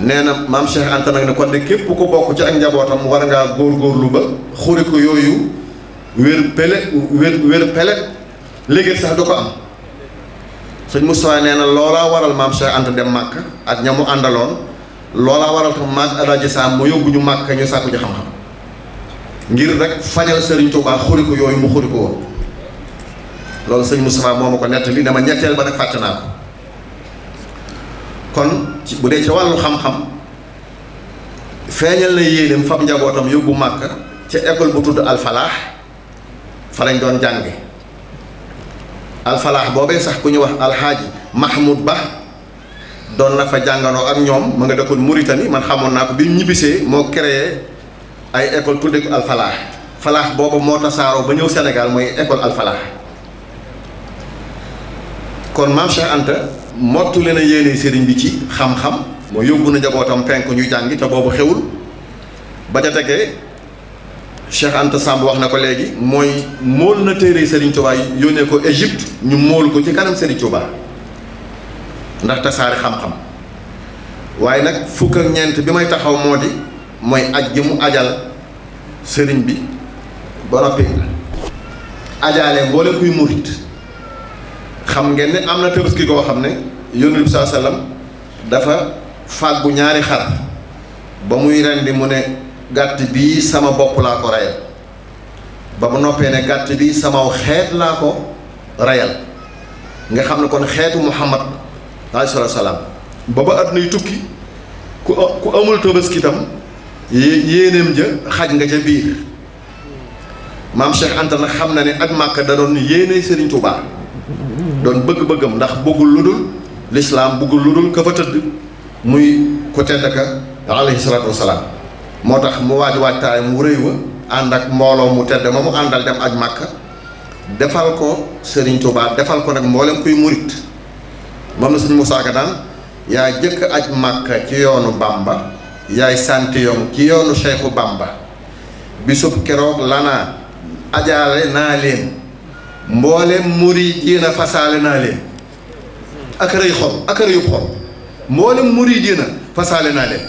nee na maam Cheikh Anta nag ne kon de képp ku bokk ci ak njabootam war ngaa góorgóorlu ba xuri ko yooyu wér pele wér pele léegi sax du ko am sëñ Moustapha nee na loolaa waral maam Cheikh Anta dem màkk ak ñamu àndaloon loolaa waral tam maag Alaaji Saam mu yóbbu ñu màkk ñu sàkku ji xam-xam ngir rek fañal Serigne Touba xuri ko yooyu mu xuri ko woon loolu sëñ Moustapha moo ma ko nettali dama ñetteel ba nag fàtte naa ko ci bu dee ci wàllu xam-xam feeñal na yéeneem fab njabootam yóbbu màkk ci école bu tudd alfalaax fa lañ doon al alfalaax boobee sax ku ñu wax alxaaji mahmoud ba doon na fa jànganoo ak ñoom ma nga dëkkoon Mauritanie man xamoon falah, ko bi ñibbisee moo créé ay école al falah. ba Sénégal école kon maam Cheikh Anta mottali na yéene sëriñ bi ci xam-xam moo yóbbu na njabootam penk ñuy jàngi te boobu xewul ba ca tegee Anta Samb wax na ko léegi mooy mool na téere Serigne Touba yónnee ko Égypte ñu mool ko ci kanam Serigne Touba ndax tasaari xam-xam waaye nag fukk ak ñeent bi may taxaw moo di mooy aj gi mu ajal sëriñ bi ba noppi ajaale mboole kuy murit xam ngeen ne am na tabaski koo xam ne yonent bi saa sallam dafa bu ñaari xar ba muy rendi mu ne gàtt bii sama bopp laa ko reyal ba mu noppee ne gàtt bi samaw xeet laa ko reyal nga xam ne kon xeetu Muhammad alayhi salaam ba ba àdduna yi tukki ku ku amul tabaski itam ja xaj nga ca biir maam Cheikh Anta na xam na ni ak Màkka da doon yéene Serigne Touba. doon bëgg-bëggam ndax bëggul lu dul lislaam bëggul lu dul ka fa tëdd muy ku tedd ka alayhi salaatu moo tax mu waaj waajtaay mu rëy wa ànd ak mbooloo mu tedd ma mu àndal dem aj màkka defal ko Serigne Touba defal ko nag mboolem kuy murit moom la Serigne Moussa Ka daan yaa jëkk aj màkka ci yoonu Bamba yaay sant yoon ci yoonu Cheikhu Bamba bisub keroog lanaa ajaale naa leen مولم مريدين فسالنا لي أكري خب أكري خب مولم مريدين فسالنا لي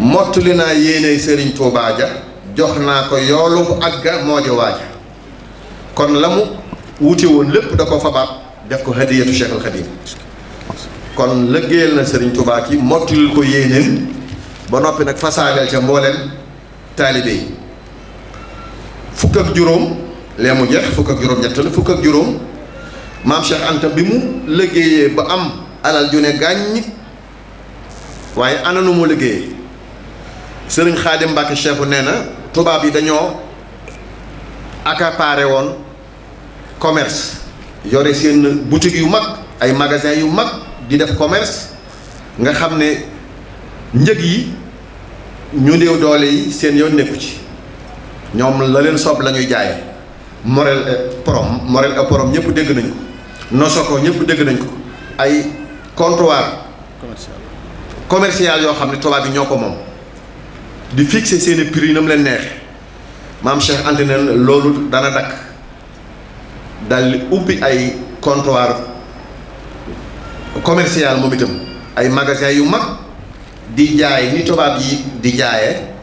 موت لنا ييني سرين توبا جا جوخنا كو يولو أكا موجي واجا كون لمو ووتي وون لب دكو فبا دكو هدية شيخ الخديم كون لجيلنا سرين توبا كي موت لكو ييني بنوبي نك فسالنا جا مولم تالي دي فكك جروم lee mu jeex fukk ak juróom la fukk juróom maam Cheikh Anta bi mu liggéeyee ba am alal ju ne gàññ waaye ana nu mu liggéeyee sëriñ Xaadim Mbàkke Cheikhu nee na tubaab yi dañoo accaparé woon commerce yore seen boutique yu mag ay magasin yu mag di def commerce nga xam ne njëg yi ñu néew doole yi seen yoon nekku ci ñoom la leen soob la ñuy jaaye Morel et Porom Morel et Porom ñëpp dégg nañ ko Nosoko ñëpp dégg nañ ko ay comptoir commercial yoo xam ne tubaab yi ñoo ko moom di fixer seen i prix yi na leen neexee maam Cheikh Anta ne loolu dana dakk dal di ubbi ay comptoir commerciale moom itam ay magasin yu mag di jaay ni tubaab yi di jaaye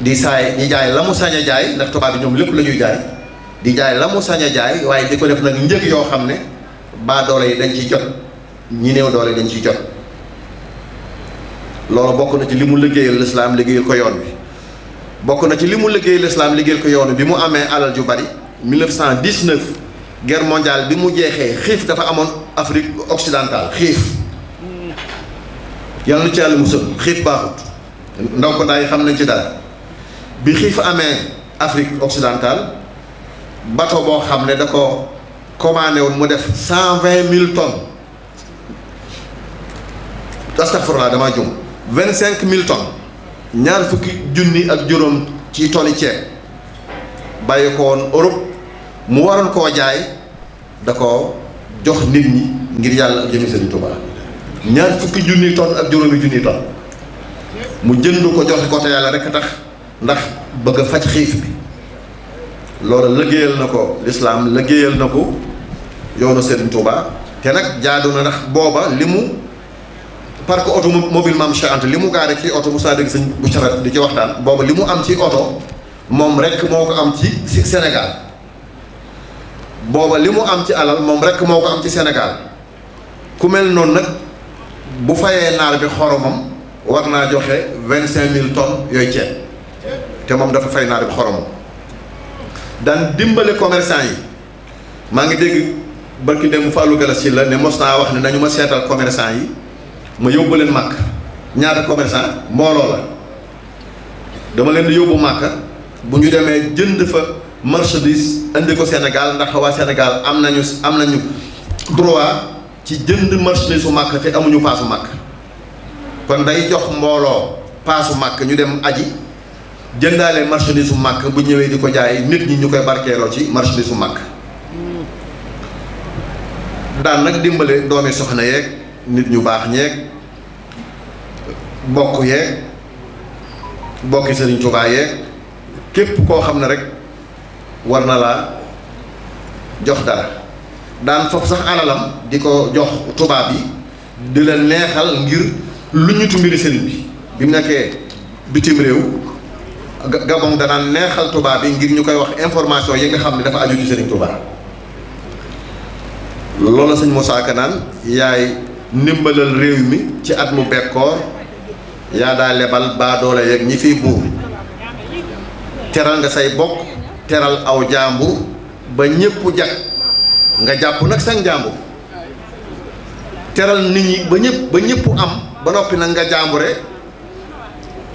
di saay di jaay la mu sañ jaay ndax tubaab bi ñoom lépp la ñuy jaay di jaay la mu sañ jaay waaye di ko def nag njëg yoo xam ne baa doole yi dañ ciy jot ñi néew doole dañ ci jot loolu bokk na ci li mu liggéeyal lislaam liggéeyal ko yoon wi bokk na ci li mu liggéeyal lislaam liggéeyal ko yoon bi mu amee alal yu bari 1919 guerre mondiale bi mu jeexee xiif dafa amoon Afrique occidentale xiif yàlla ci yàlla musal xiif baaxut ndaw ko daay xam nañ ci daal bi xiif amee Afrique occidentale bato boo xam ne da ko commandé woon mu def cent vingt mille tonnes astafurlaa damaa jum vingt cinq mille tonnes ñaar fukki junni ak juróom ci tonni ceeb bàyyi ko woon Europe mu waroon koo jaay da ko jox nit ñi ngir yàlla ak jëmi Sëriñ ñaar fukki junni tonnes ak juróomi junni tonnes mu jënd ko joxe ko te yàlla rek tax ndax bëgg faj xiif bi loolu liggéeyal na ko lislaam liggéeyal na ko yoonu Serigne Touba te nag jaadu na ndax booba li mu parc automobile mobile maam chante li mu gaare ci oto Moussa dégg sëñ bu cafet di ci waxtaan booba li mu am ci oto moom rek moo ko am ci si Sénégal booba li mu am ci alal moom rek moo ko am ci Sénégal ku mel noonu nag bu fayee naar bi xoromam war naa joxe vingt cinq tonnes yooyu ceeb te moom dafa fay naar bi dan daan dimbale commerçant yi maa ngi dégg barki dem Fallou Galas si la ne mos naa wax ne nañu ma seetal commerçant yi ma yóbbu leen mak ñaata commerçant mbooloo la dama leen di yóbbu màkk bu ñu demee jënd fa marchandise indi ko Sénégal ndax waa Sénégal am nañu droit ci jënd marchandise su màkk te amuñu paasu màkk kon day jox mbooloo paasu màkk ñu dem aji jëndaale marchandise su màkk bu ñëwee di ko jaay nit ñi ñu koy barkeeloo ci marchandise su màkk daan nag dimbale doomi soxna yeeg nit ñu baax ñeeg bokk yeeg bokki sëriñ Tuubaa képp rek jox dara sax alalam di ko jox tubaab yi di la neexal ngir lu ñu tumbiri ke bi bi bitim gabon dana neexal Touba bi ngir ñu koy wax information yi nga xam ne dafa aju ci Serigne Touba loolu sëñ Moussa Ka naan yaay ndimbalal réew mi ci at mu lebal baa doole yeeg ñi fiy buur teral nga say bokk teral aw jàmbur ba ñépp jag nga jàpp teral nit ñi ba ñëpp ba ñëpp am ba noppi nag nga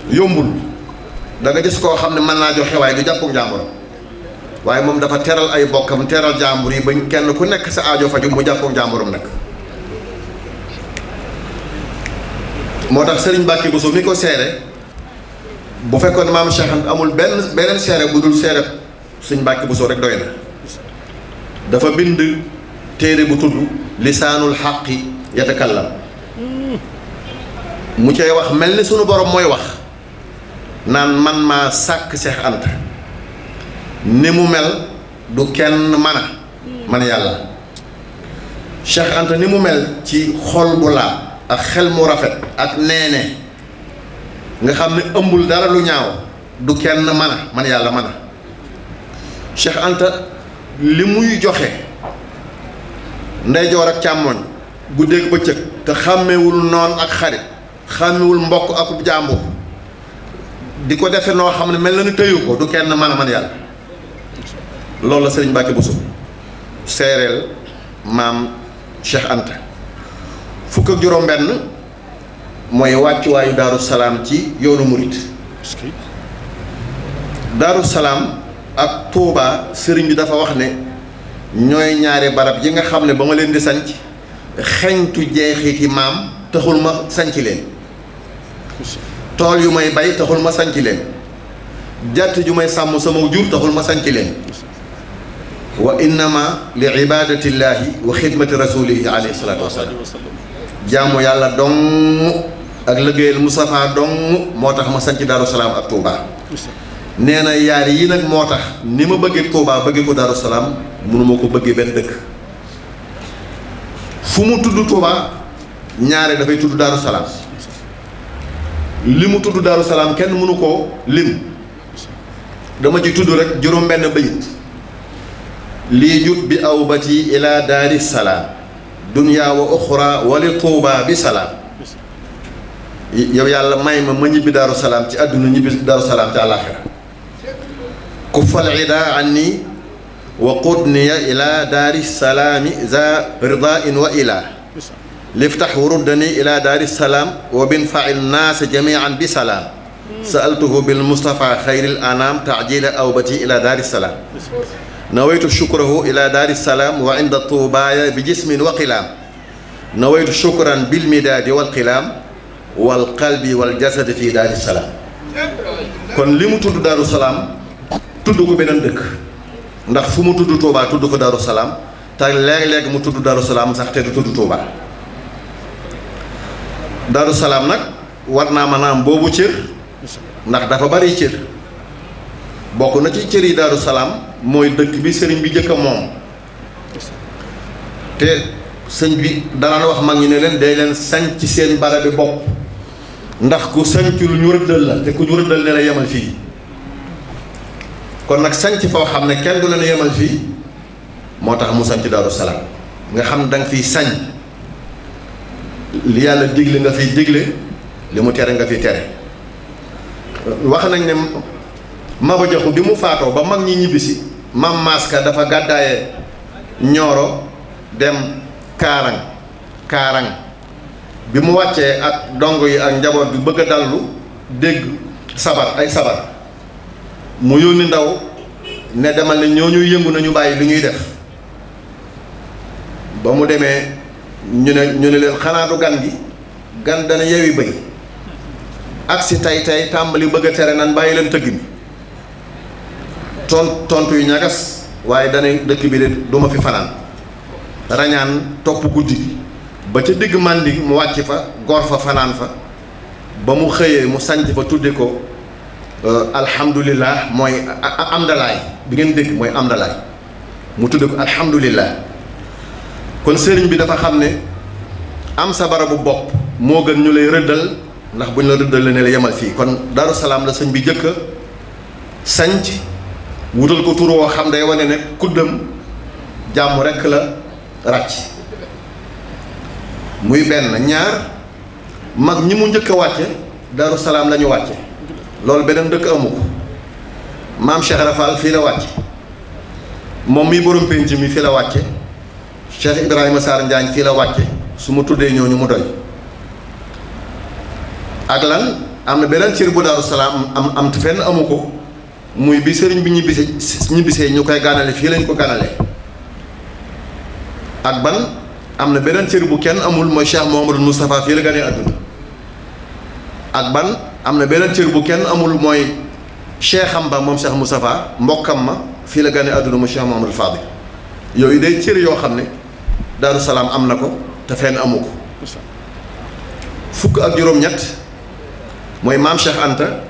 yombul da nga gis ko xamne man mën joxe way du jàppug jàmbur waaye mom dafa teral ay bokkam teral jàmbur yi bañ kenn ku nek sa aajo faju mu jàppug jàmburam nak motax tax Serigne Mbacke Bousso mi ko séré bu fekkone mam Cheikh Anta amul ben benen séré bu dul seere Serigne Mbacke Bousso rek doyna dafa bind téré bu tuddu lisanul haqqi yatakallam mu cey wax melni sunu borom moy wax Nan man ma sak Cheikh Anta nimu mel du kenn mana man yàlla Cheikh Anta ni mel ci xol bu laa ak xel mu rafet ak neene nga xam ne dara lu ñaaw du kenn mana man yàlla mana Cheikh Anta limuy muy joxe ndeyjoor ak càmmoñ guddeeg bëccëg te xàmmewul noon ak xarit mbokk ak di ko defe noo xam ne mel na ni tëyu ko du kenn man a man yàlla loolu la sëriñ Mbàkke Buso seereel maam Cheikh Anta fukk ak juróom benn mooy wàccuwaayu Daaru Salaam ci yoonu murit Daaru Salaam ak Tuubaa sëriñ bi dafa wax ne ñooy ñaari barab yi nga xam ne ba ma leen di sanc xeñtu jeexiti maam taxul ma sanc leen tool yu may bay taxul ma sanc leen jàtt ju may sàmm sama jur taxul ma sanc leen wa innama li ibadatillahi wa xidmati rasulihi alayhi salaatu wasalaam jaamu yàlla dong ak liggéeyal Mustafa dong moo tax ma sanc Daaru Salaam ak Touba nee na yaar yi nag moo tax ni ma bëggee Touba bëggee ko Daaru Salaam mënuma ko bëggee benn dëkk fu mu tudd Touba ñaare dafay tudd Daaru Salaam li mu tudd Daaru Salaam kenn mënu koo lim dama ci tudd rek juróom benn bayit lii jut bi aw bati ila daari salaam dunya wa uxra wali tuuba bi salaam yow yàlla may ma ma ñibbi Daaru Salaam ci àdduna ñibbi Daaru Salaam ci àllaaxira ku fal ida anni wa qudniya ila daari salaami za ridaa in wa ilaa لفتح وردني إلى دار السلام وبنفع الناس جميعا بسلام سألته بالمصطفى خير الأنام تعجيل أوبتي إلى دار السلام نويت شكره إلى دار السلام وعند الطوبايا بجسم وقلام نويت شكرا بالمداد والقلام والقلب والجسد في دار السلام كن لم دار السلام تدق بنندك دك ndax fu mu tuddu touba tuddu ko daru salam ta leg leg mu tuddu daru salam sax te tuddu Daaru Salaam nag war naa mën a am boobu cër ndax dafa bari cër bokk na ci cër yi Daaru Salaam mooy dëkk bi sëriñ bi jëkk a moom te sëñ bi danaan wax mag ñi ne leen day leen sañ ci seen barabi bopp ndax ku sañ ci lu ñu rëddal la te ku ñu rëddal ne la yemal fii kon nag sañ ci foo xam ne kenn du leen yemal fii moo tax mu sañ ci Daaru Salaam nga xam danga fiy sañ li yàlla digle nga fiy digle li mu tere nga fi tere wax nañ ne Maba Jaxu bi mu faatoo ba mag ñi ñibbisi Mam Maska dafa gàddaaye Ñooro dem kaaran kaaran bi mu wàccee ak dongo yi ak njaboot bi bëgg a dallu dégg sabar ay sabar mu yónni ndaw ne demal ne ñoo ñuy yëngu nañu bàyyi li ñuy def ba mu demee ñu ne ñu ne leen xanaa gan gi gan dana yewi bëy ak tay tay tàmbali bëgg tere nan bàyyi leen tëgg mi ton tontu yu ñagas waaye dana dëkk bi de du fi fanaan rañaan topp guddi ba ca digg màndi mu wàcc fa gor fa fanaan fa ba mu xëyee mu sanc fa tudde ko euh, alhamdulillah mooy amdalaay bi ngeen dégg mooy amdalaay mu tudde ko alhamdulillah kon sëriñ bi dafa xam ne am sa barabu bopp moo gën ñu lay rëddal ndax bu ñu la rëddal la ne la yemal fii kon Daaru Salaam la sëñ bi jëkka sañc wutal ko tur woo xam day wane ne kuddam jàmm rekk la ràcc muy benn ñaar mag ñi mu njëkk a wàcce Daaru Salaam la ñu wàcce loolu beneen dëkk amu ko maam Cheikh fii la wàcce moom mi borom penc mi fii la wàcce Cheikh Ibrahima saar Njaañ fii la wàcce su ma tuddee ñooñu mu doy ak lan am na beneen cër bu Daaru am am fenn amu ko muy bi sëriñ bi ñibbisee ñibbisee ñu koy gànnaale fii lañ ko gànnaale ak ban am na beneen cër bu kenn amul mooy Cheikh Mouhamadou Moustapha fii la ganee àdduna ak ban am na beneen cër bu kenn amul mooy Cheikh am moom Cheikh Moustapha mbokkam ma fii la ganee àdduna mu Cheikh Mouhamadou Fadil yooyu day cër yoo xam ne Daaru Salaam am na ko te fenn amu ko fukk ak juróom-ñett mooy maam Cheikh Anta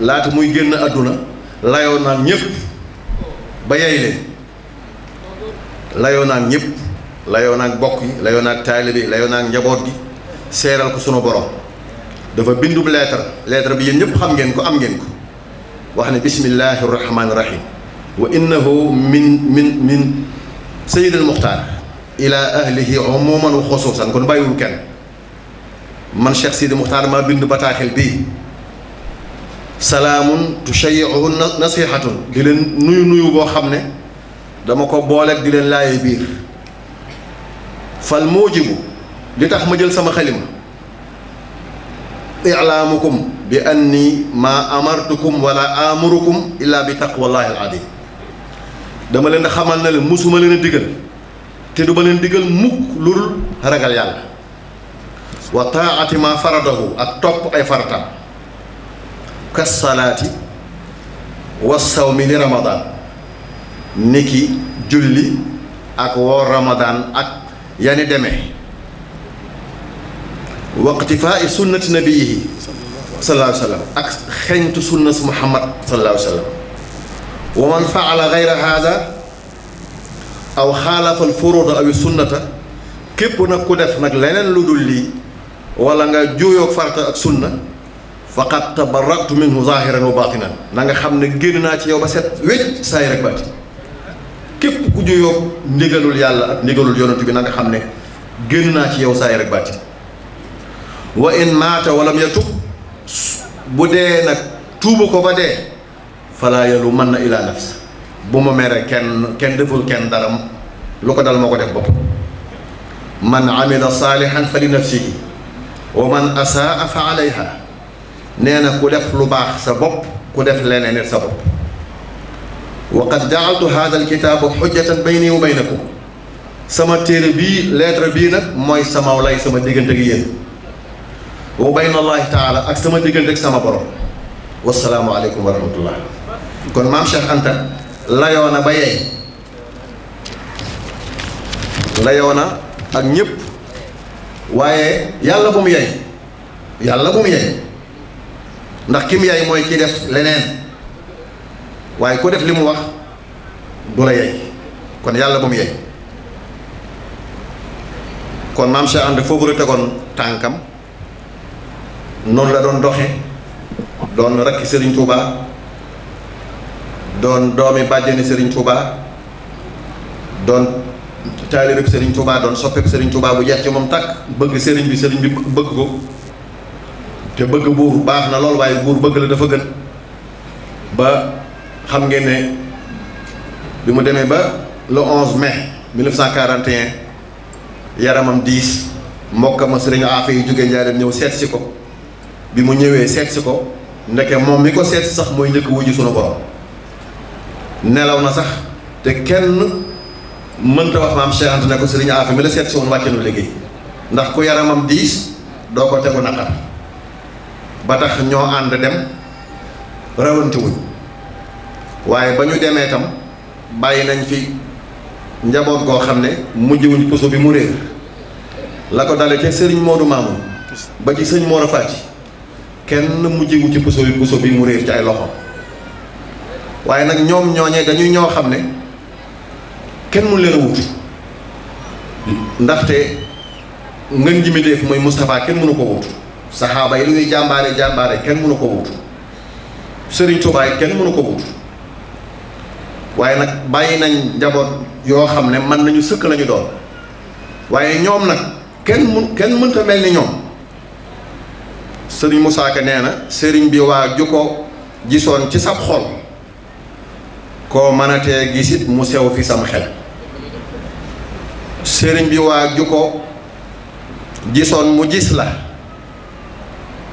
laata muy génn àdduna layoo naan ñëpp ba yey leen layoo naan ñëpp layoo naag bokk yi layoo naag taalibe yi njaboot gi seeral ko sunu borom dafa bindub lettre lettre bi yéen ñëpp xam ngeen ko am ngeen ko wax ne bismillahi rahmaani rahim wa innahu min min min sayyidil muxtaar الى اهله عموما وخصوصا كون بايو كان من شيخ سيدي مختار ما بند بتاخيل بي سلام تشيعه نصيحه دي نيو نيو بو خامني داماكو بولك دي لن لاي بير فالموجب لي تخ ما جيل سما خليما اعلامكم باني ما امرتكم ولا امركم الا بتقوى الله العظيم دما لن خمال نل مسوما لن ديغل te du balen digal mukk lul ragal yàlla wa ta'ati ma faradahu ak top ay farata kas salati wa sawmi li ramadan niki julli ak wo ramadan ak yani demee waqtifaa sunnati nabiyhi sallallahu alayhi wa sallam ak xeñtu sunna su muhammad sallallahu alayhi wa sallam wa man faala gayra haada aw xaalafa al furuda aw sunnata képp nag ku def nag leneen lu dul lii wala nga juuyoog farata ak sunna faqad tabarratu minhu zahiran wa batinan na nga xam ne génn naa ci yow ba set wécc saay rek baati képp ku juuyoog ndigalul yàlla ak ndigalul yonent bi na nga xam ne génn naa ci yow saay rek baati wa in maata walam yatub bu dee nag tuuba ko ba dee falaa yalu man na ila nafsa bu ma mere kenn kenn deful kenn daram lu ko dal moko def bop man amila salihan fa li nafsihi wa man asaa fa alayha nee ku def lu bax sa bop ku def leneen sa bop wa qad jaaltu hadha alkitab xujjatan bayni wa baynakum sama tere bi lettre bi nak moy sama lay sama digeunte ak yéen wa bayna allah taala ak sama digeunte ak sama borom wasalaamu alaykum wa rahmatullah kon mam Cheikh Anta layoo ba yey layoo ak ñëpp waaye yàlla bu mu yey yàlla bu mu yey ndax ki yey mooy ki def leneen waaye ku def li mu wax du la yey kon yàlla bu mu yey kon maam Cheikh Anta foofu la tegoon tànkam noonu la doon doxe doon rakki Serigne Touba. doon doomi bàjjani Serigne Touba doon taalibeb Serigne Touba doon soppeeb Serigne Touba bu jeex ci moom tàkk bëgg sëriñ bi Serigne bi bëgg ko te bëgg buur baax na lool waaye buur bëgg la dafa gën ba xam ngeen ne bi mu demee ba le 11 mai 1941 yaramam diis mbokkam ma Serigne Afe yu jóge Njaareem ñëw seet si ko bi mu ñëwee seet ko ndeke moom mi ko seet sax mooy njëkk wuju sunu borom. nelaw na sax te kenn mënta wax maam Cheikh na ko sëriñ Afe mi la seet si woon wàcce nu liggéey ndax ku yaramam diis doo ko tegu naqar ba tax ñoo ànd dem rawanti waaye ba ñu demee tam bàyyi nañ fi njaboot goo xam ne mujjewuñ puso bi mu réer la ko dale ca sëriñ Modou Mamoun ba ci sëñ Mor a Fàcc kenn mujjewu ci puso bi bi mu réer ci ay loxo waaye nag ñoom ñooñee dañuy ñoo xam ne kenn mu leen wut ndaxte ngën ji mi def mooy Moustapha kenn mënu ko wut saxaaba yi lu ñuy jàmbaare jàmbaare kenn mënu ko wut Serigne Touba kenn mënu ko wut waaye nag bàyyi nañ njaboot yoo xam ne man nañu sëkk lañu doon waaye ñoom nag kenn mun kenn mënta mel ni ñoom sëriñ Moussa nee na sëriñ bi waa ju ko gisoon ci sab xol koo mënatee gisit mu sew fi sam xel sëriñ bi waa ju ko gisoon mu gis la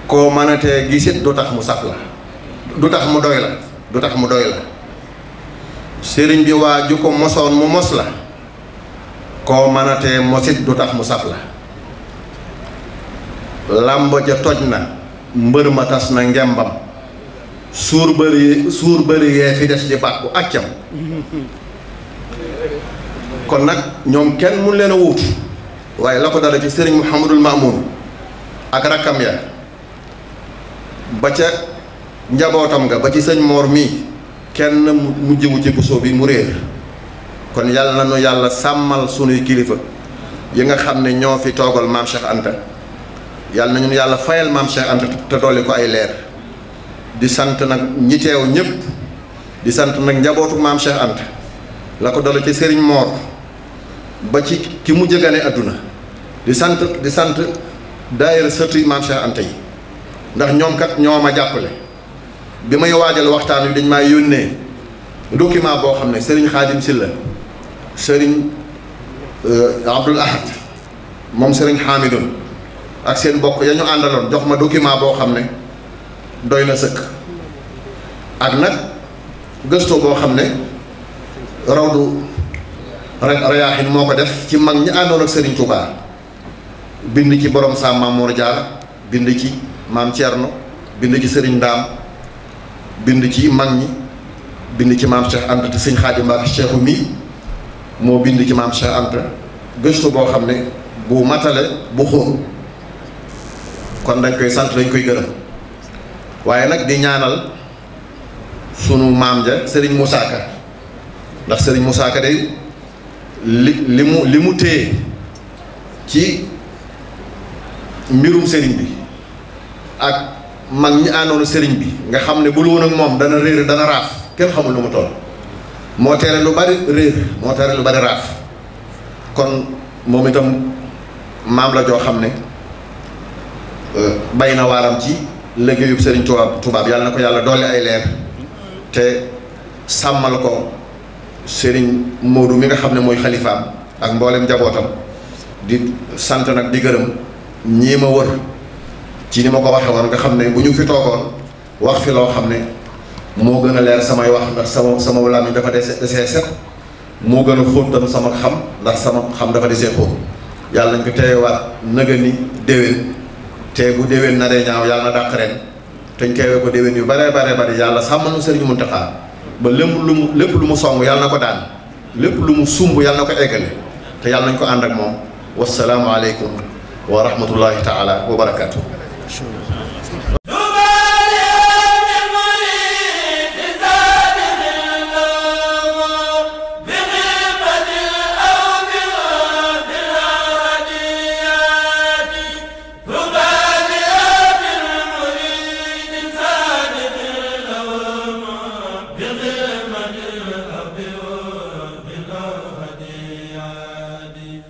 koo mënatee gisit du tax mu saf la du tax mu doy la du tax mu doy la sëriñ bi waa ju ko mosoon mu mos la koo mënatee mosit du mu saf la làmb ja toj na ma tas na ngembam suur bëri suur bëri yee fi des di bàkku accam kon nag ñoom kenn mun leen a wuutu waaye la ci sëriñ Mouhamadul Mamoun ak rakkam ya ba ca njabootam nga ba ci sëñ Mor mii kenn mujjewu ci busoo bi mu réer kon yàlla na nu yàlla sàmmal kilifa yi nga xam fi Cheikh Anta yalla na yalla fayal maam Cheikh Anta te dolli ko ay leer di sant nag ñi teew ñëpp di sant nag njabootu maam Cheikh Anta la ko dala ci Serigne Mor ba ci ki mu ne àdduna di sant di sant daayira sëti maam Cheikh Anta yi ndax ñoom kat ñoo ma jàppale bi may waajal waxtaan wi dañ maa yónnee document boo xam ne Serigne Khadim Silla sëriñ euh, Abdoul Ahad moom Serigne Hamidou ak seen bokk ya ñu àndaloon jox ma document boo xam ne. doy na sëkk ak nag gëstu boo xam ne rawdu rayaaxin moo ko def ci mag ñi àndoon ak Serigne Touba bind ci borom saa Maam Mor Jaara bind ci maam Thierno bind ci sëriñ Ndaam bind ci mag ñi bind ci maam Cheikh Anta te Serigne Khadim Mbacké Cheikhu moo bind ci maam Cheikh Anta gëstu boo xam ne bu matale bu xóor kon dañ koy sant dañ koy gërëm. waaye nag di ñaanal sunu maam ja sëriñ Moussa Ka ndax sëriñ Moussa Ka day li li mu li mu téye ci mbirum sëriñ bi ak mag ñi àndoon sëriñ bi nga xam ne bu woon ak moom dana réer dana raaf kenn xamul lu mu toll moo tere lu bari réer moo tere lu bari raaf kon moom itam maam la joo xam ne euh, bay na waaram ci. liggéeyub Serigne Touba Touba yàlla na ko yàlla doole ay leer te sàmmal ko sëriñ Modou mi nga xam ne mooy xalifaam ak mboolem njabootam di sant nag di gërëm ñii ma wër ci ni ma ko waxee woon nga xam ne bu ñu fi toogoon wax fi loo xam ne moo gën a leer samay wax ndax sama sama làmmiñ dafa dese desee set moo gën a xóot sama xam ndax sama xam dafa desee xóot yàlla nañ ko teewaat nëgëni déwén. te bu déwén naree ñaaw yàlla na dàq ren te ñu teewee ko déwén yu bare bare bare yàlla sàmmal nu Serigne Mountakha ba lépp lu mu lépp lu mu song yàlla na ko daan lépp lu mu sumb yàlla na ko eggale te yàlla nañ ko ànd ak moom wasalaamualeykum wa rahmatullahi taala wa